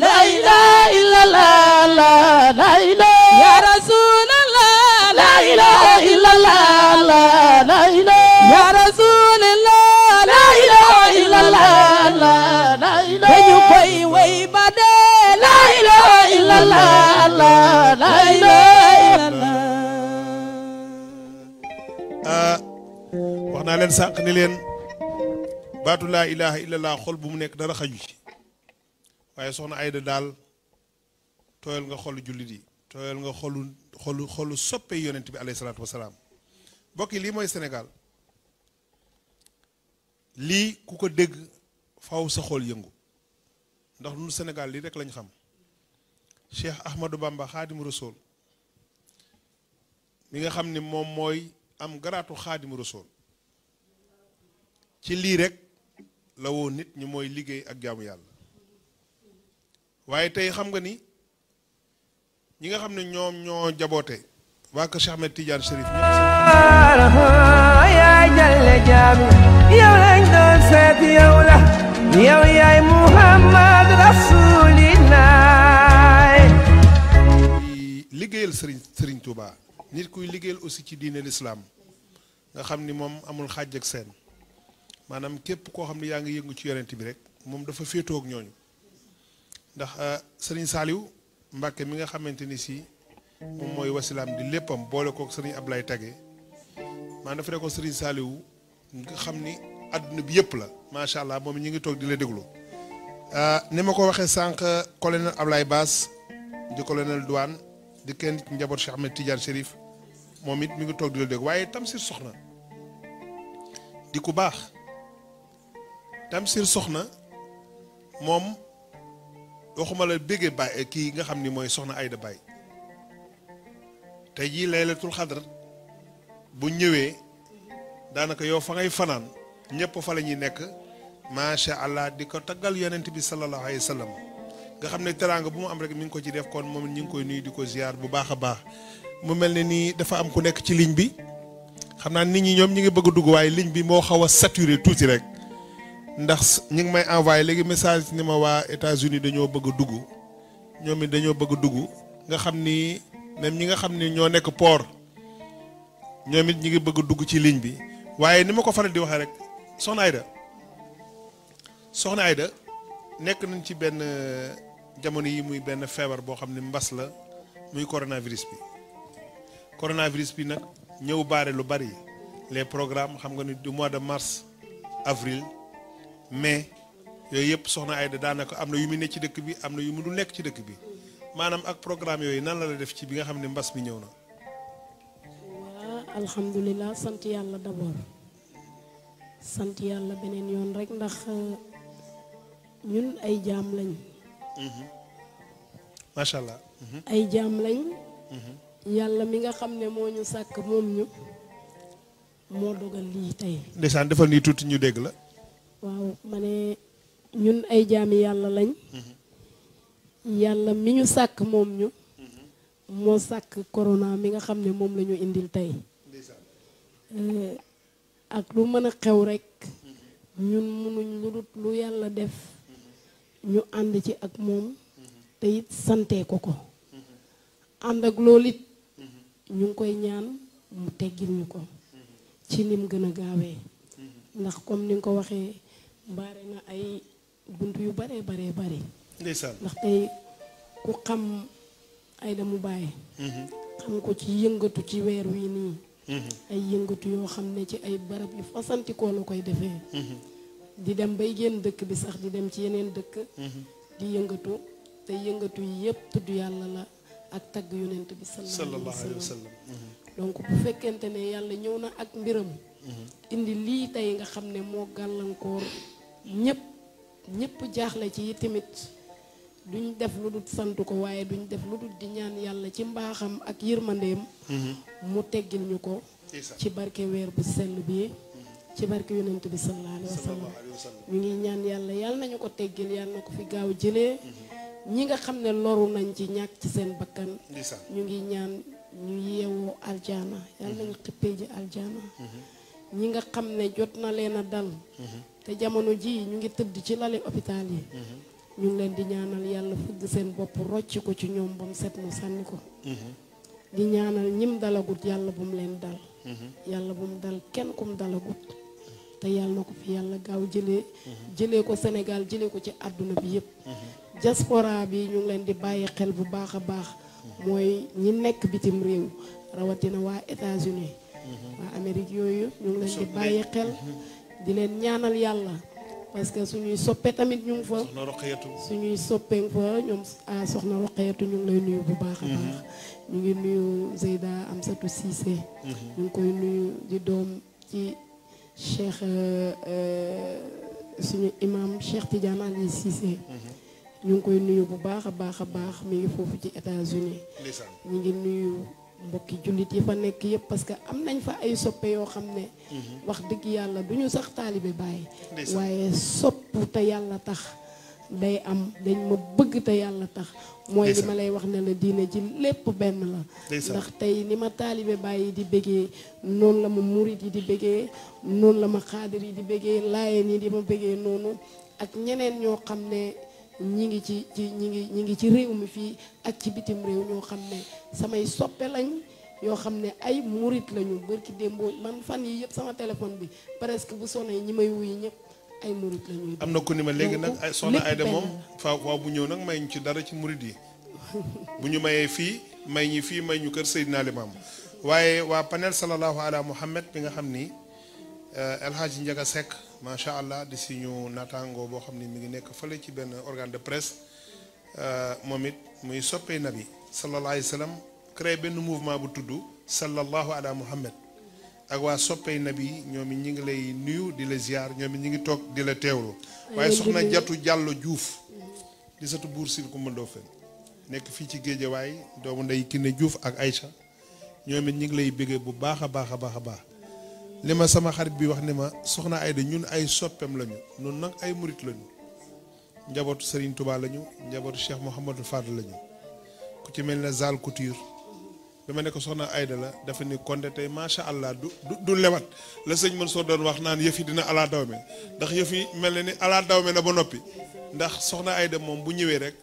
لا إله إلا الله لا إله يا رسول الله لا إله إلا الله لا إله Ah, wax naa leen sànq ni leen baatu laa ilaha illallah xol bu mu nekk dara xaju ci waaye soxna Ayda daal tooyal nga xolu jullit yi tooyal nga xolu xolu xolu yonent bi alayhi salaatu wasalaam mbokk yi lii mooy Sénégal lii ku ko dégg faw sa xol yëngu ndax ñun Sénégal lii rek lañ xam Cheikh Ahmadou Bamba xaadim rasool mi nga xam ni moom mooy am garaatu xaadim rasool ci lii rek la woo nit ñu mooy liggéey ak jaamu yàlla waaye tey xam nga ni ñi nga xam ne ñoom ñoo jaboote waa kër Cheikh Ahmed Tidiane Chérif yaay lañ doon seet yow la yow yaay Muhammad rasulina liggéeyal sëriñ sëriñ Touba nit kuy liggéeyal aussi ci diine lislaam nga xam ni amul xàjj ak mana maanaam képp koo xam ne yaa ngi yëngu ci yonent bi rek moom dafa féetoo ak ñooñu ndax euh, Mbacke mi nga si moom mooy wasilaam di léppam boole kook sëriñ Ablaye Tage maanaam dafa ne ko sëriñ Saliou nga ni bi yëpp la macha allah moom ñu ngi toog di la déglu. Euh, ni ma ko waxee sànq colonel Bass di colonel Douane. di kenn ci njaboot ci Ahmed Tidiane Chérif moom it mu ngi toog di la dégg waaye Tamsir Soxna di ku baax Tamsir Soxna moom waxuma la béggee baay kii nga xam ni mooy Soxna Ayda Baay te jii laylatul xadar bu ñëwee daanaka yow fa ngay fanaan ñëpp fa la ñuy nekk macha allah di ko taggal yonent bi sallallahu alayhi wa sallam nga xamne teranga bu mu am rek mi ngi ko ci def kon mom ñing ini koy nuy di ko ziar bu baaxa baax mu melni ni dafa am ku nekk ci ligne bi xamna nit ñi ñom ñi ngi bëgg dugg waaye ligne bi mo xawa saturer saturé rek ndax ñi ngi may envoyé legi message ni ma wa États-Unis dañoo bëgg dugg ñom dañoo bëgg dugg nga xamni même ñi nga xamni ño nekk port ñom nit ñi ngi bëgg dugg ci ligne bi waye nima ko faral di waxee rek soxna Aida soxna nañ ci ben jamono yi muy benn feebar boo xam ne mbas la muy coronavirus bi coronavirus bi nag ñëw baare lu bari les programmes xam nga ni du mois de mars avril mais yooyu yëpp soxna Aida daanaka am na yu mu nekk ci dëkk bi am na yu mu nekk ci dëkk bi maanaam ak programme yooyu nan la la def ci bi nga xam ne mbas mi ñëw na. alhamdulilah sant yàlla d'abord sant yàlla beneen yoon rek ndax euh, ñun ay jaam lañ macha ay jaam lañ. Mhm. yàlla mi nga xam ne moo ñu sàkk moom ñu moo dogal lii tey. ndeysaan defal nii tuuti ñu dégg la. waaw ma ne ñun ay jaami yàlla lañ. Mhm. yàlla mi ñu sàkk moom ñu. Mhm. moo sàkk corona mi nga xam ne moom la ñu indil tey. Eh, ak lu mën a xew rekk ñun munuñ lu dul lu yàlla def. ñu ànd ci ak moom te it sante ko ko ànd ak loolu it ñu ngi koy ñaan mu teggil ñu ko ci nim gën a gaawee ndax comme ni nga ko waxee baare na ay bunt yu bare bare bare ndeysaan ndax tey ku xam ay damu bàyyi xam ko ci yëngatu ci weer wii nii mm-hmm. ay yëngatu yoo xam ne ci ay barab yu fasantikoo la koy defee di dem bay génn dëkk bi sax di dem ci yeneen dëkk mhm. di yëngatu te yëngatu yi yëpp tudd yàlla la ak tagg yonent bi sallallahu alayhi wa sallam mhm. donc bu fekkente ne yàlla ñëw na ak mbiram mhm. indi lii tey nga xam ne moo gàllankoor ñëpp ñëpp jaaxle ci tamit duñ def lu dul sant ko waaye duñ def lu dul di ñaan yàlla ci mbaaxam ak yërmandeem mu teggil ñu ko ci barke weer bu sell bi ci barke yonent bi sallallahu alayhi wa sallam ñu ngi ñaan yàlla yàlla nañu ko teggil yàlla na ko fi gaaw jële mm-hmm. ñi nga xam ne loru nañ ci ñàkk ci seen bakkan ñu ngi ñaan ñu yeewoo aljana yàlla mm-hmm. nañu xippee ji aljana mm-hmm. ñi nga xam ne jot na leen a dal te jamono ji ñu ngi tëdd ci lali hôpital yi ñu ngi leen di ñaanal yàlla fugg seen bopp rocc ko ci ñoom ba set mu sànni ko di ñaanal ñim dalagut yàlla bu mu leen dal yàlla bu mu dal kenn ku mu dalagut te yàlla ko fi yalla gaaw jele jele ko senegal jele ko ci aduna bi yeb diaspora bi ñu ngi leen di baye xel bu baaxa baax moy ñi nekk bitim réew rawatina wa États-Unis waa Amérique yooyu ñu ngi leen di baye xel di leen ñaanal yalla parce que suñuy soppé tamit ñu ngi fa suñuy soppé nga fa ñoom a ah, soxna roqeetu ñu lay nuyu bu baaxa baax mhm. ñu ngi nuyu Zeyda Amsatou cisse mhm. ñu koy nuyu di doom ci cheikh euh, euh, suñu imam Cheikh Tidiane Ali Cissé. Mhm. ñu ngi koy nuyu bu baax a baax a baax mi ngi foofu ci États-Unis ñu ngi nuyu mbokki jullit yi fa nekk yëpp parce que am nañ fa ay soppe yoo xam ne. Mhm. wax dëgg yàlla duñu sax taalibe bàyyi. waaye sopp te yàlla tax. day am dañ ma bëgg te yàlla tax mooy li ma lay wax ne la diine ji lépp benn la ndax tey ni ma taalibe bàyyi di bëggee noonu la ma murit yi di bëggee noonu la ma xaadir yi di bëggee laayeen yi di ma bëggee noonu ak ñeneen ñoo xam ne ñi ngi ci ci ñi ngi ñi ngi ci réew mi fii ak ci bitim réew ñoo xam ne samay soppe lañ yoo xam ne ay murit lañu bërki démboo man fan yi yëpp sama téléphone bi presque bu sonné ñi may wuyu ñëpp ay am na ku ni ma léegi nag ay soxna Ayda moom faaw waaw bu ñëw nag may ñu ci dara ci murid yi bu ñu mayee fii may ñu fii may ñu kër naa Limaam waaye waa panel sallallahu ala muhammad bi nga xam ni euh, El Hadj Ndiaga Seck macha allah di suñu naataango boo xam ni mi ngi nekk fële ci benn organe de presse euh, moom it muy soppee nabi sallallahu alayhi wa sallam créé benn mouvement bu tudd sallallahu ala muhammad ak waa soppey nabi ñoom it ñu ngi lay nuyu di la ziar ñoom it ñu ngi toog di la teewlu waaye soxna jatu jàllo juuf di satu buur sin ku mëndoo fen nekk fii ci géejawaay doomu ndey kinne juuf ak Aïcha ñoom it ñu ngi lay bëggee bu baax a baax a baax a baax li ma sama xarit bi wax ne ma soxna Ayda ñun ay soppeem lañu noonu nag ay murit lañu njabootu Serigne Touba lañu njabootu Cheikh Mouhamadou Fadl lañu ku ci mel na Zal Couture bi ma ne ko soxna Ayda la dafa ni Konde tey macha allah du du lewat la sëñ mën soo doon wax naan yëf yi dina ala daw ndax yëf yi mel na ni ala daw me na ba noppi ndax soxna Ayda moom bu ñëwee rek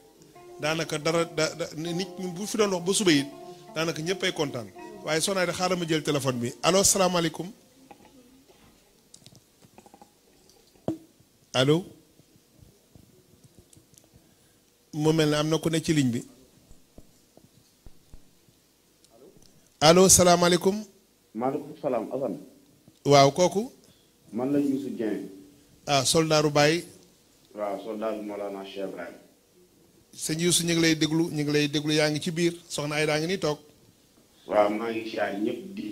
daanaka dara da nit bu fi doon wax ba suba it daanaka ñëpp ay kontaan waaye soxna Ayda xaaral ma jël téléphone bi allo salaamaaleykum allo mu mel ni am na ku ne ci ligne bi. allo salaamaaleykum. maaleykum salaam Assane. waaw kooku. man la Youssou Dieng. ah soldaaru Baye. waaw soldaaru Mawlana Cheikh Ibrahim. sëñ Youssou ñu ngi lay déglu ñu ngi lay déglu yaa ngi ci biir soxna Ayda ngi nii toog. waaw maa ngi si ñëpp di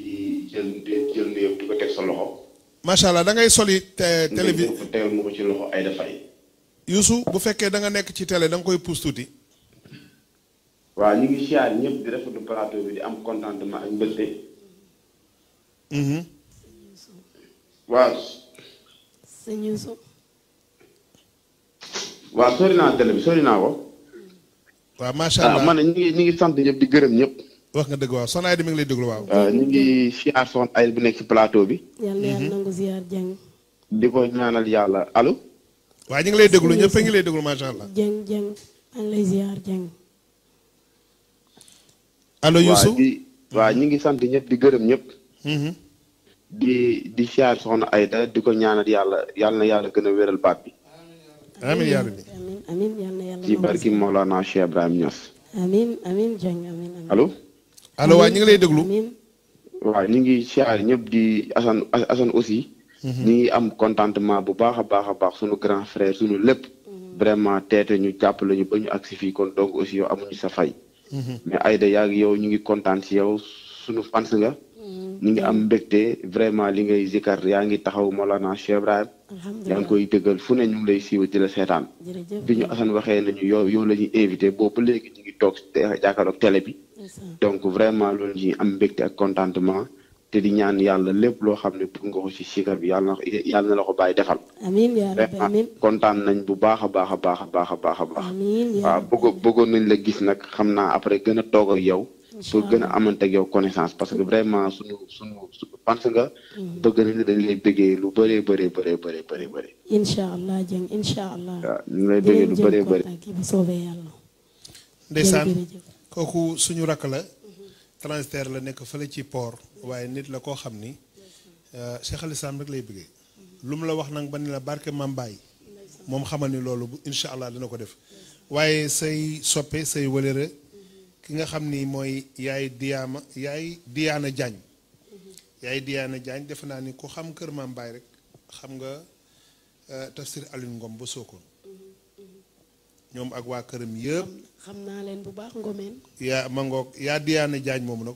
jël jël nuyoo di ko teg sa loxo. macha allah da ngay ko ci loxo Ayda bu fekkee da nga nekk ci télé da koy pousse tuuti. waaw ñu ngi siyaar ñëpp di rafetlu plateau bi di am contentement ak mbëgte. Mm-hmm. waaw. sëñ Youssou. waaw sori naa télé bi sori naa ko. waaw macha allah ah, man ñu ngi ñu ngi sant ñëpp di gërëm ñëpp. wax nga dëgg waaw soxna mi ngi lay déglu ah, ñu ngi siyaar soxna Aida bu nekk ci plateau bi. yàlla yàlla mm-hmm. nangu siyaar ñaanal yàlla allo. waaw ñu ngi lay déglu ñëpp fa ngi lay déglu macha allah. jàng jàng allo Youssou waaw ñu ngi sant ñëpp di gërëm ñëpp. Mhm. di di siyaar soxna Aida di ko ñaanal yàlla yàlla yàlla gën a wéral baat bi. amiin yaa rabbi amiin amiin ci allo. allo ñu ngi lay déglu. ñëpp di Assane aussi. Mhm. ñu ngi am contentement bu baax a baax a baax suñu grand frère suñu lépp. Mhm. vraiment teete ñu jàppale ñu ba ñu agsi fii kon donc aussi yow amuñu sa fay. Mm-hmm. mais yaa yaag yow ñu ngi kontaan ci yow sunu fans nga mm-hmm. ñu ngi am mbégte vraiment li ngay zikar yaa ngi taxaw Mawlana Cheikh Ibrahim yaa ngi koy dëggal fu ne ñu lay siiw di la seetaan bi ñu Assane waxee nañu yow yow la ñuy invité boobu léegi ñu ngi toog jàkkaarloog télé bi donc vraiment loolu ñuy am mbégte ak contentement te di ñaan yàlla lépp loo xam ne bëgg nga ko ci sikar bi yàlla na la ko bàyyi defal. amiin yaa kontaan nañ bu baax a baax a baax a baax a baax a baax. amiin waaw bëggoon bëggoon nañ la gis nag xam naa après gën a toog ak yow. pour gën a amante ak yow connaissance parce que vraiment suñu suñu suñu pense nga. Mm. bëgg nañ dañ lay bëggee lu bëree bëree bëree bëree bëri bëri. incha allah Dieng incha allah. waaw ñu lay bëggee lu bëree bëri. bu soobee yàlla. ndeysaan kooku suñu rakk la mm-hmm. transitaire la nekk fële ci port waaye nit la koo xam ni euh, Cheikh Al Islam rek lay bëggee lu mu la wax nag ba ni la barke Mambaay moom xamal ni loolu incha allah dina ko def waaye say soppe say wëlëre ki nga xam ni mooy yaay diyaama yaay diyaana jaañ yaay diyaana jaañ defe naa ni ku xam kër Mambaay rek xam nga euh, tafsir Alioune Ngom ba Sokone ñoom ak waa këram yëpp. xam naa baax ngomeen yaa ma ngoog yaa diyaana jaañ moomu nag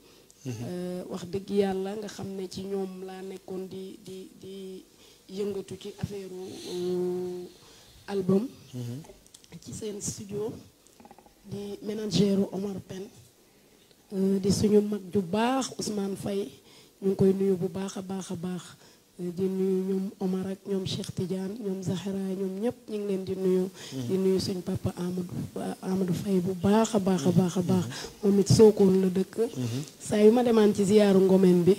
Euh, wax dëgg yàlla nga xam ne ci ñoom laa nekkoon di di di yëngatu ci affaire album. Mm-hmm. ci seen studio di manager Omar Pène euh, di suñu mag ju baax Ousmane Faye ñu ngi koy nuyu bu baax a baax a baax di nuyu ñoom Omar ak ñoom Cheikh Tidiane ñoom Zahra ñoom ñëpp ñu ngi leen di nuyu. Mm-hmm. di nuyu suñ papa Amadou Amadou bu baax a baax a baax a baax mm-hmm. moom it Sokone la dëkk. Mm-hmm. saa yu ma demaan ci ziyaaru Ngomen bi.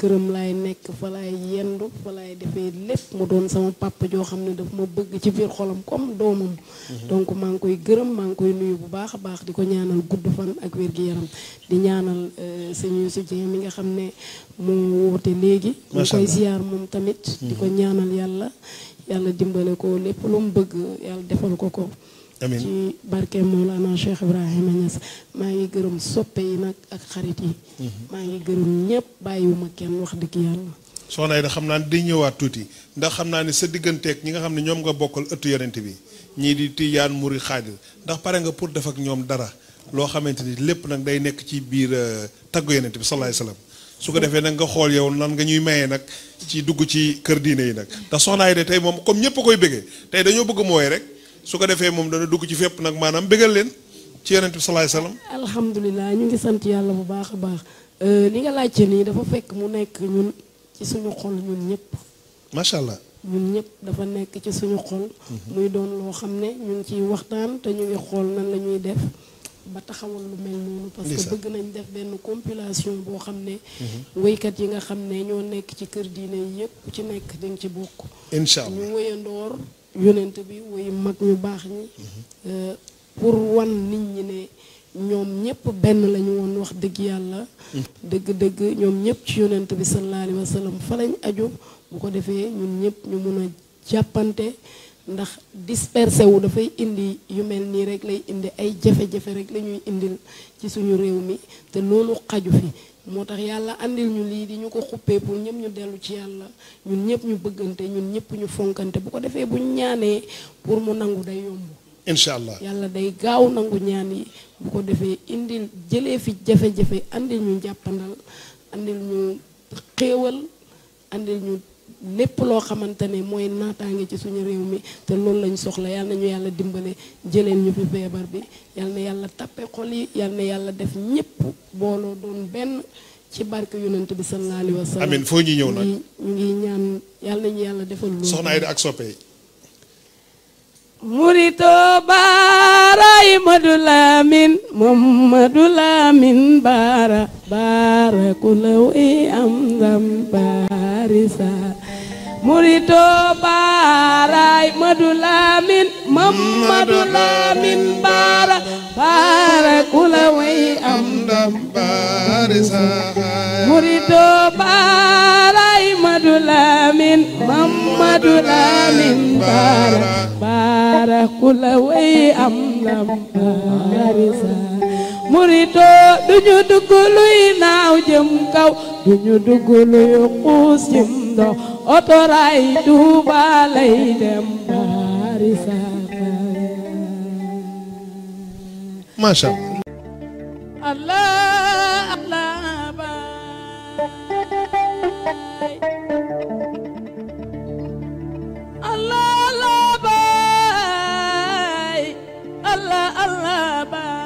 këram laay nekk fa laay yendu fa laay defee lépp mu doon sama papa joo xam ne daf ma bëgg ci biir xolam comme doomam mhm. donc maa ngi koy gërëm maa ngi koy nuyu bu baax a baax di ko ñaanal gudd fan ak wér gi yaram di ñaanal euh, sëñ Youssou Dieng mi nga xam ne mu woote léegi mu koy ziar moom tamit di ko mhm. ñaanal yàlla yàlla dimbale ko lépp lu mu bëgg yàlla defal ko ko amiin ci barke Mawlana Cheikh Ibrahima Niass maa ngi gërëm soppe yi nag ak xarit yi. Mhm. maa ngi gërëm ñëpp bàyyiwuma kenn wax dëgg yàlla. soxna Aida xam naa ne day ñëwaat tuuti ndax xam naa ne sa digganteek ñi nga xam ne ñoom nga bokkal ëttu yonent bi ñii di Tijaan Murid Xaadir ndax pare nga pour def ak ñoom dara loo xamante ni lépp nag day nekk ci biir euh, taggu yonent bi sallallahu alayhi wasallam su ko defee nag nga xool yow nan nga ñuy maye nag ci dugg ci kër diine yi nag ndax soxna Aida tey moom comme ñëpp koy bëggee tey dañoo bëgg mooy rek. su ko defee moom dana dugg ci fépp nag maanaam bégal leen ci yonent bi salaay salaam. alhamdulilah ñu ngi sant yàlla bu baax a baax euh, li nga laajte nii dafa fekk mu nekk ñun ci suñu xol ñun ñëpp. macha allah ñun ñëpp dafa nekk ci suñu xol. Mhm. muy doon loo xam ne ñu ngi ciy waxtaan te ñu ngi xool nan la ñuy def. ba taxawal lu mel noonu parce que bëgg nañ def benn compilation boo xam ne mhm. wéykat yi nga xam ne ñoo nekk ci kër diine yëpp ci nekk dañ ci bokk incha allah ñu yonent bi woy mag ñu baax ñi mm-hmm. euh, pour wan nit ñi ne ñoom ñëpp benn lañu woon wax dëgg yàlla mm-hmm. dëgg-dëgg ñoom ñëpp ci yonent bi sallallahu alayhi wa sallam fa lañ aju bu ko defee ñun ñëpp ñu mun a jàppante ndax dispersé wu dafay indi yu mel nii rek lay indi ay jafe-jafe rek la ñuy indil ci suñu réew mi te loolu xaju fi moo tax yàlla andil ñu lii di ñu ko xuppee pour ñëpp ñu dellu ci yàlla ñun ñëpp ñu bëggante ñun ñëpp ñu fonkante bu ko defee bu ñu ñaanee pour mu nangu day yomb. incha allah yàlla day gaaw nangu ñaan yi bu ko defee indil jëlee fi jafe-jafe andil ñu jàppandal andil ñu xéewal andil ñu. lepp lo xamantene moy mooy ci suñu rew mi te loolu lañ soxla yalla ñu yalla dimbalé jëleen ñu fi feebar bi yalla na yalla tappe xol yi yalla na yalla def ñëpp booloo doon ben ci barke yonent bi sallallahu alayhi wasallam amin fo ñi ñew nak ñi ngi ñaan yal ñu yalla defal lu soxna ay ak soppe murito bara imadulamin, amin bara, amin bara i am ndam murito baaraay madu laamin mamadu laamin baara baara kula way am ndam baari saxaaya murito baaraay madu laamin mamadu laamin baara baara kula way am ndam baari saxaaya murito duñu dugg luy naaw jëm kaw duñu dugg luy xuus jëm ndaw otoraay Tuuba lay dem baari saaka masha Allah Allah baay Allah Allah baay Allah Allah baay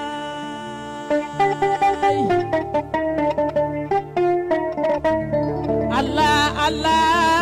Allah, Allah.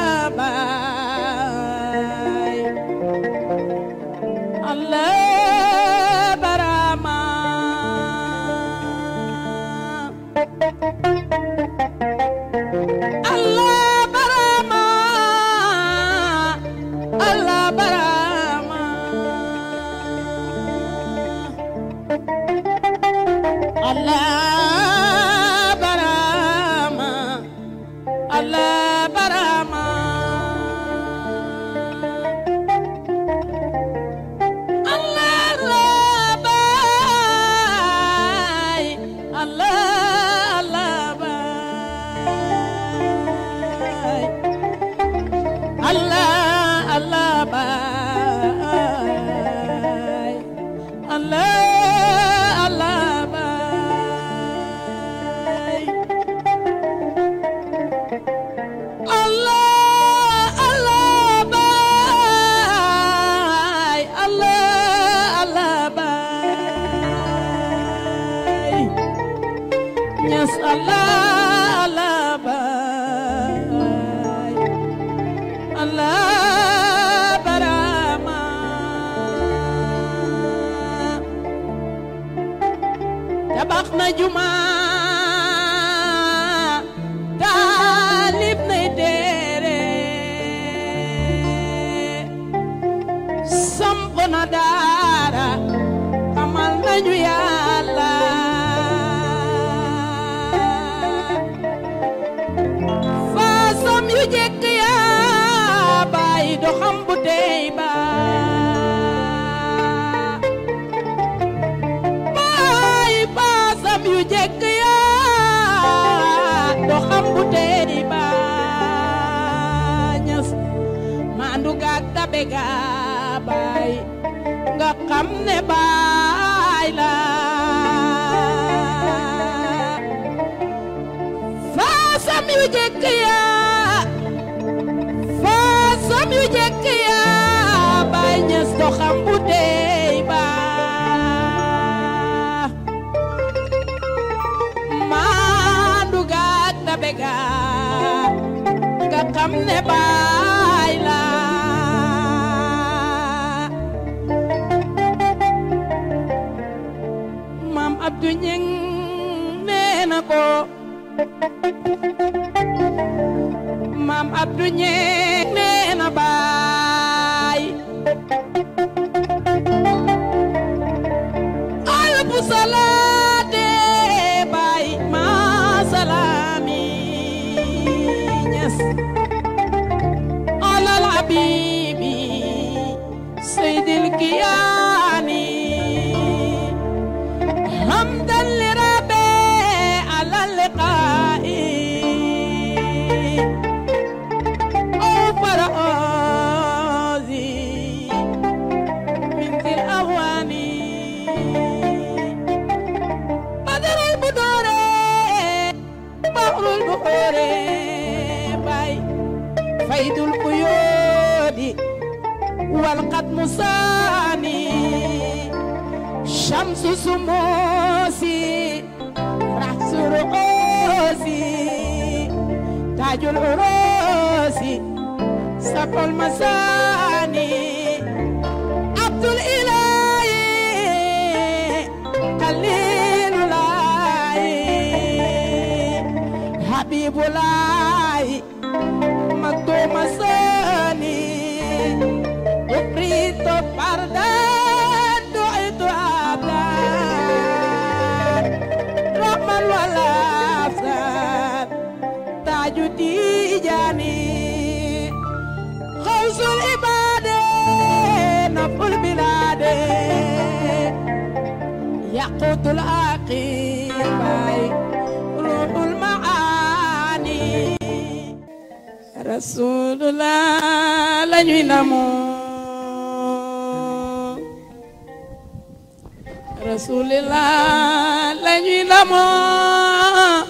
rasulillah lañuy ndamoo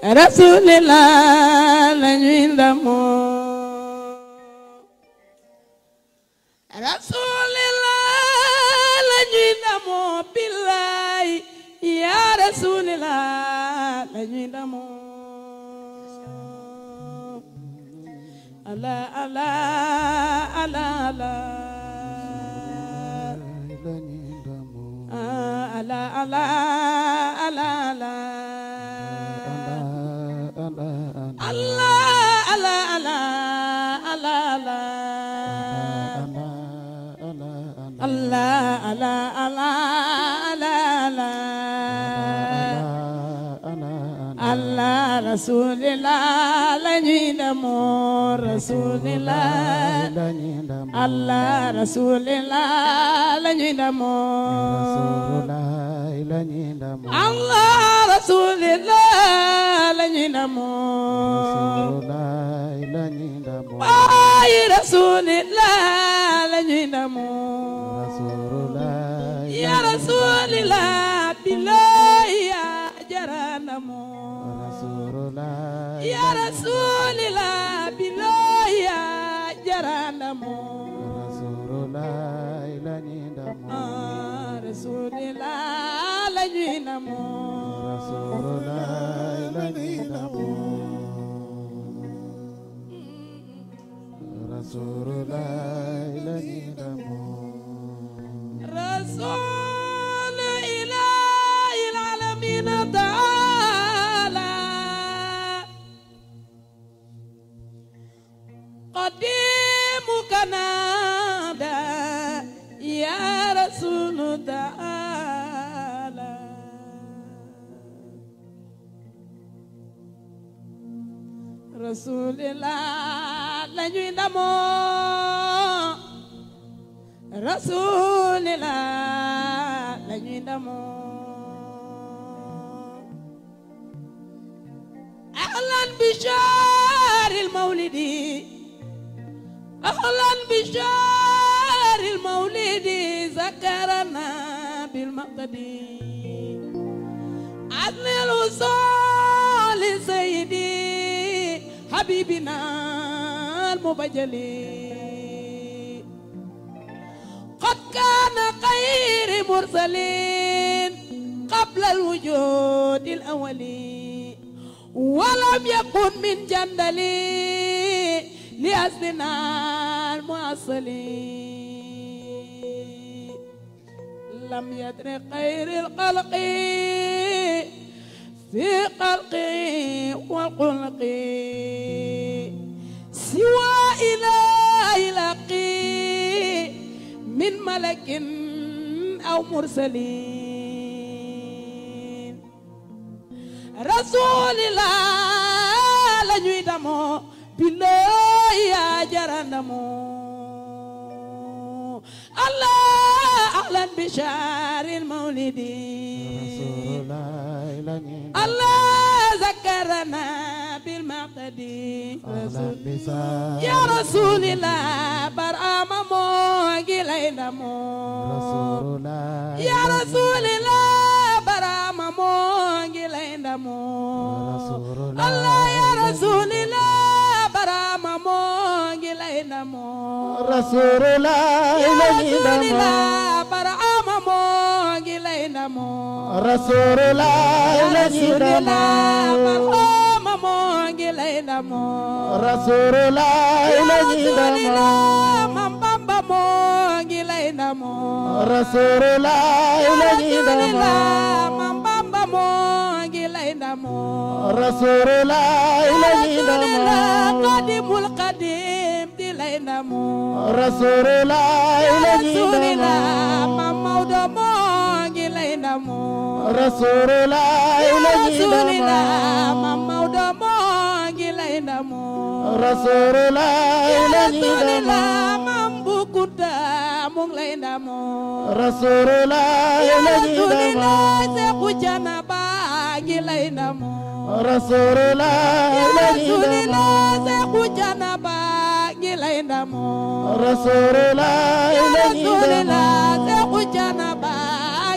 rasulillah lañuy ndamoo rasulillah lañuy ndamoo billaay ya rasulillah lañuy ndamoo Allah Allah Allah Allah ألا ألا ألا ألا ألا rasulillah la ñuy demoo allah rasulillah la ñuy demoo allah rasulillah la ñuy demoo baay rasulillah la ñuy demoo ya rasulillah bilay ya jaranamoo الله يا رسول الله بالله يا جرانمو رسول الله لنيدمو رسول الله لنيدمو رسول الله لنيدمو رسول الله لنيدمو رسول قديمك نادى يا رسول تعالى رسول الله لنجي دمو رسول الله لنجي دمو أهلا بشار المولدين أهلا بشهر المولد ذكرنا بالمقد عدل الوصال سيدي حبيبنا المبجلي قد كان خير مرسلين قبل الوجود الأولي ولم يكن من جندلي لأجلنا المواصلين لم يدر خير القلق في قلقي وقلق سوى إلى إلقي من ملك أو مرسلين رسول الله لن يدمو بالله يا جرنمو الله أهلا بشار المولد الله ذكرنا بالمقد يا رسول الله بر موجلين مو يا رسول الله بر موجلين مو الله يا رسول الله baraama moo ngi lay namoo. rasulullah lañuy namoo baraama moo ngi lay namoo. rasulullah lañuy namoo. Rasulullah lañuy namoo Mam Bamba moo ngi lay namoo Rasulullah lañuy namoo رسول الله إلينا قديم القديم إلينا رسول الله إلينا ما موضع مونج إلينا رسول الله إلينا ما موضع مونج إلينا رسول الله إلينا ما مبكتا مونج إلينا رسول الله إلينا سيخجنا lay ndamoo rasulullah rasulullah seexu janaba ngi lay ndamoo rasulullah rasulullah seexu janaba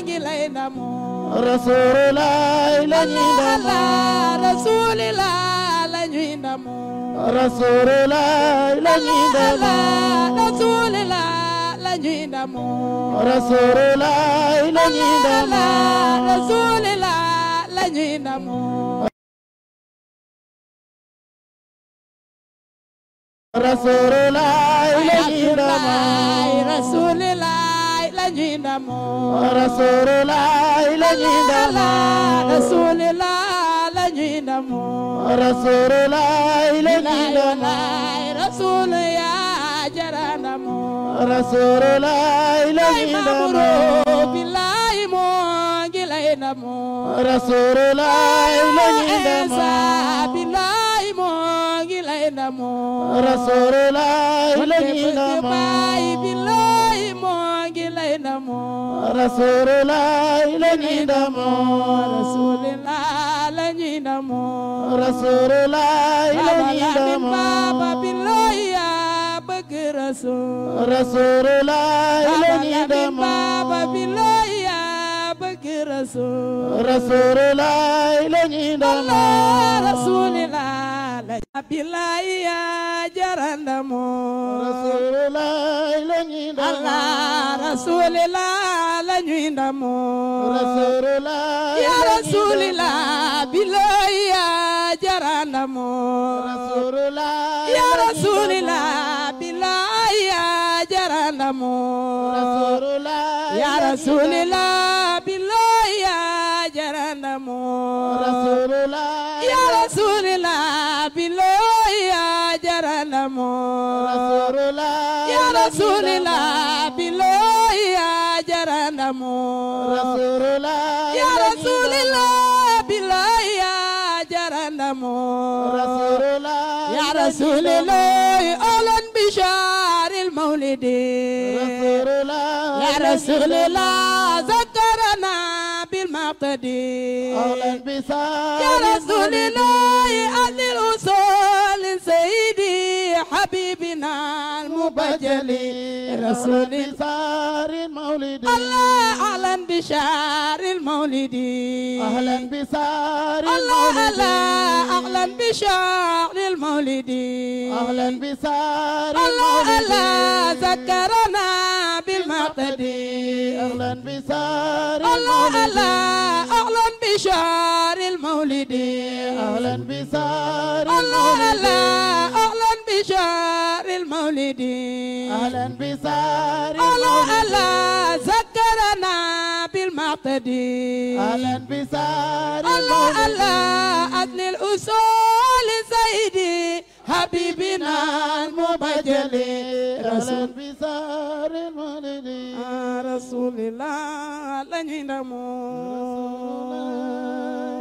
ngi lay ndamoo rasulullah lañuy ndamoo rasulullah regni in amore. Rasulullah, regni in amore. Rasulullah, regni in amore. Rasulullah, regni in amore. Rasulullah, regni in amore. Rasulullah, regni in amore. Rasulullah, regni in amore. Rasulullah, regni in amore. namoo rasuulullaay la ñuy lay namoo rasuulullaay lay namoo ki rasul ya jarandamo rasulullah ya rasulullah جرموا رسول الله يا رسول الله بالله يا جرموا رسول الله يا رسول الله أهلا بشار المولد رسول الله يا رسول الله ذكرنا بالمقتدي أهلا بشار يا رسول الله أهل الأصول حبيبنا المبجل رسول الفار المولد الله أهلا بشار المولد أهلا بصار المولد الله أهلا بشار المولد أهلا بصار الله الله ذكرنا بالمقد أهلا بصار الله الله أهلا بشار المولد أهلا بصار المولد الله الله بشار المولد أهلا بسار ألا ألا ذكرنا بالمعتدي أهلا بسار المولد ألا ألا أدن الأصول سيدي حبيبنا المبجل رسول بسار المولد رسول الله لن ينمو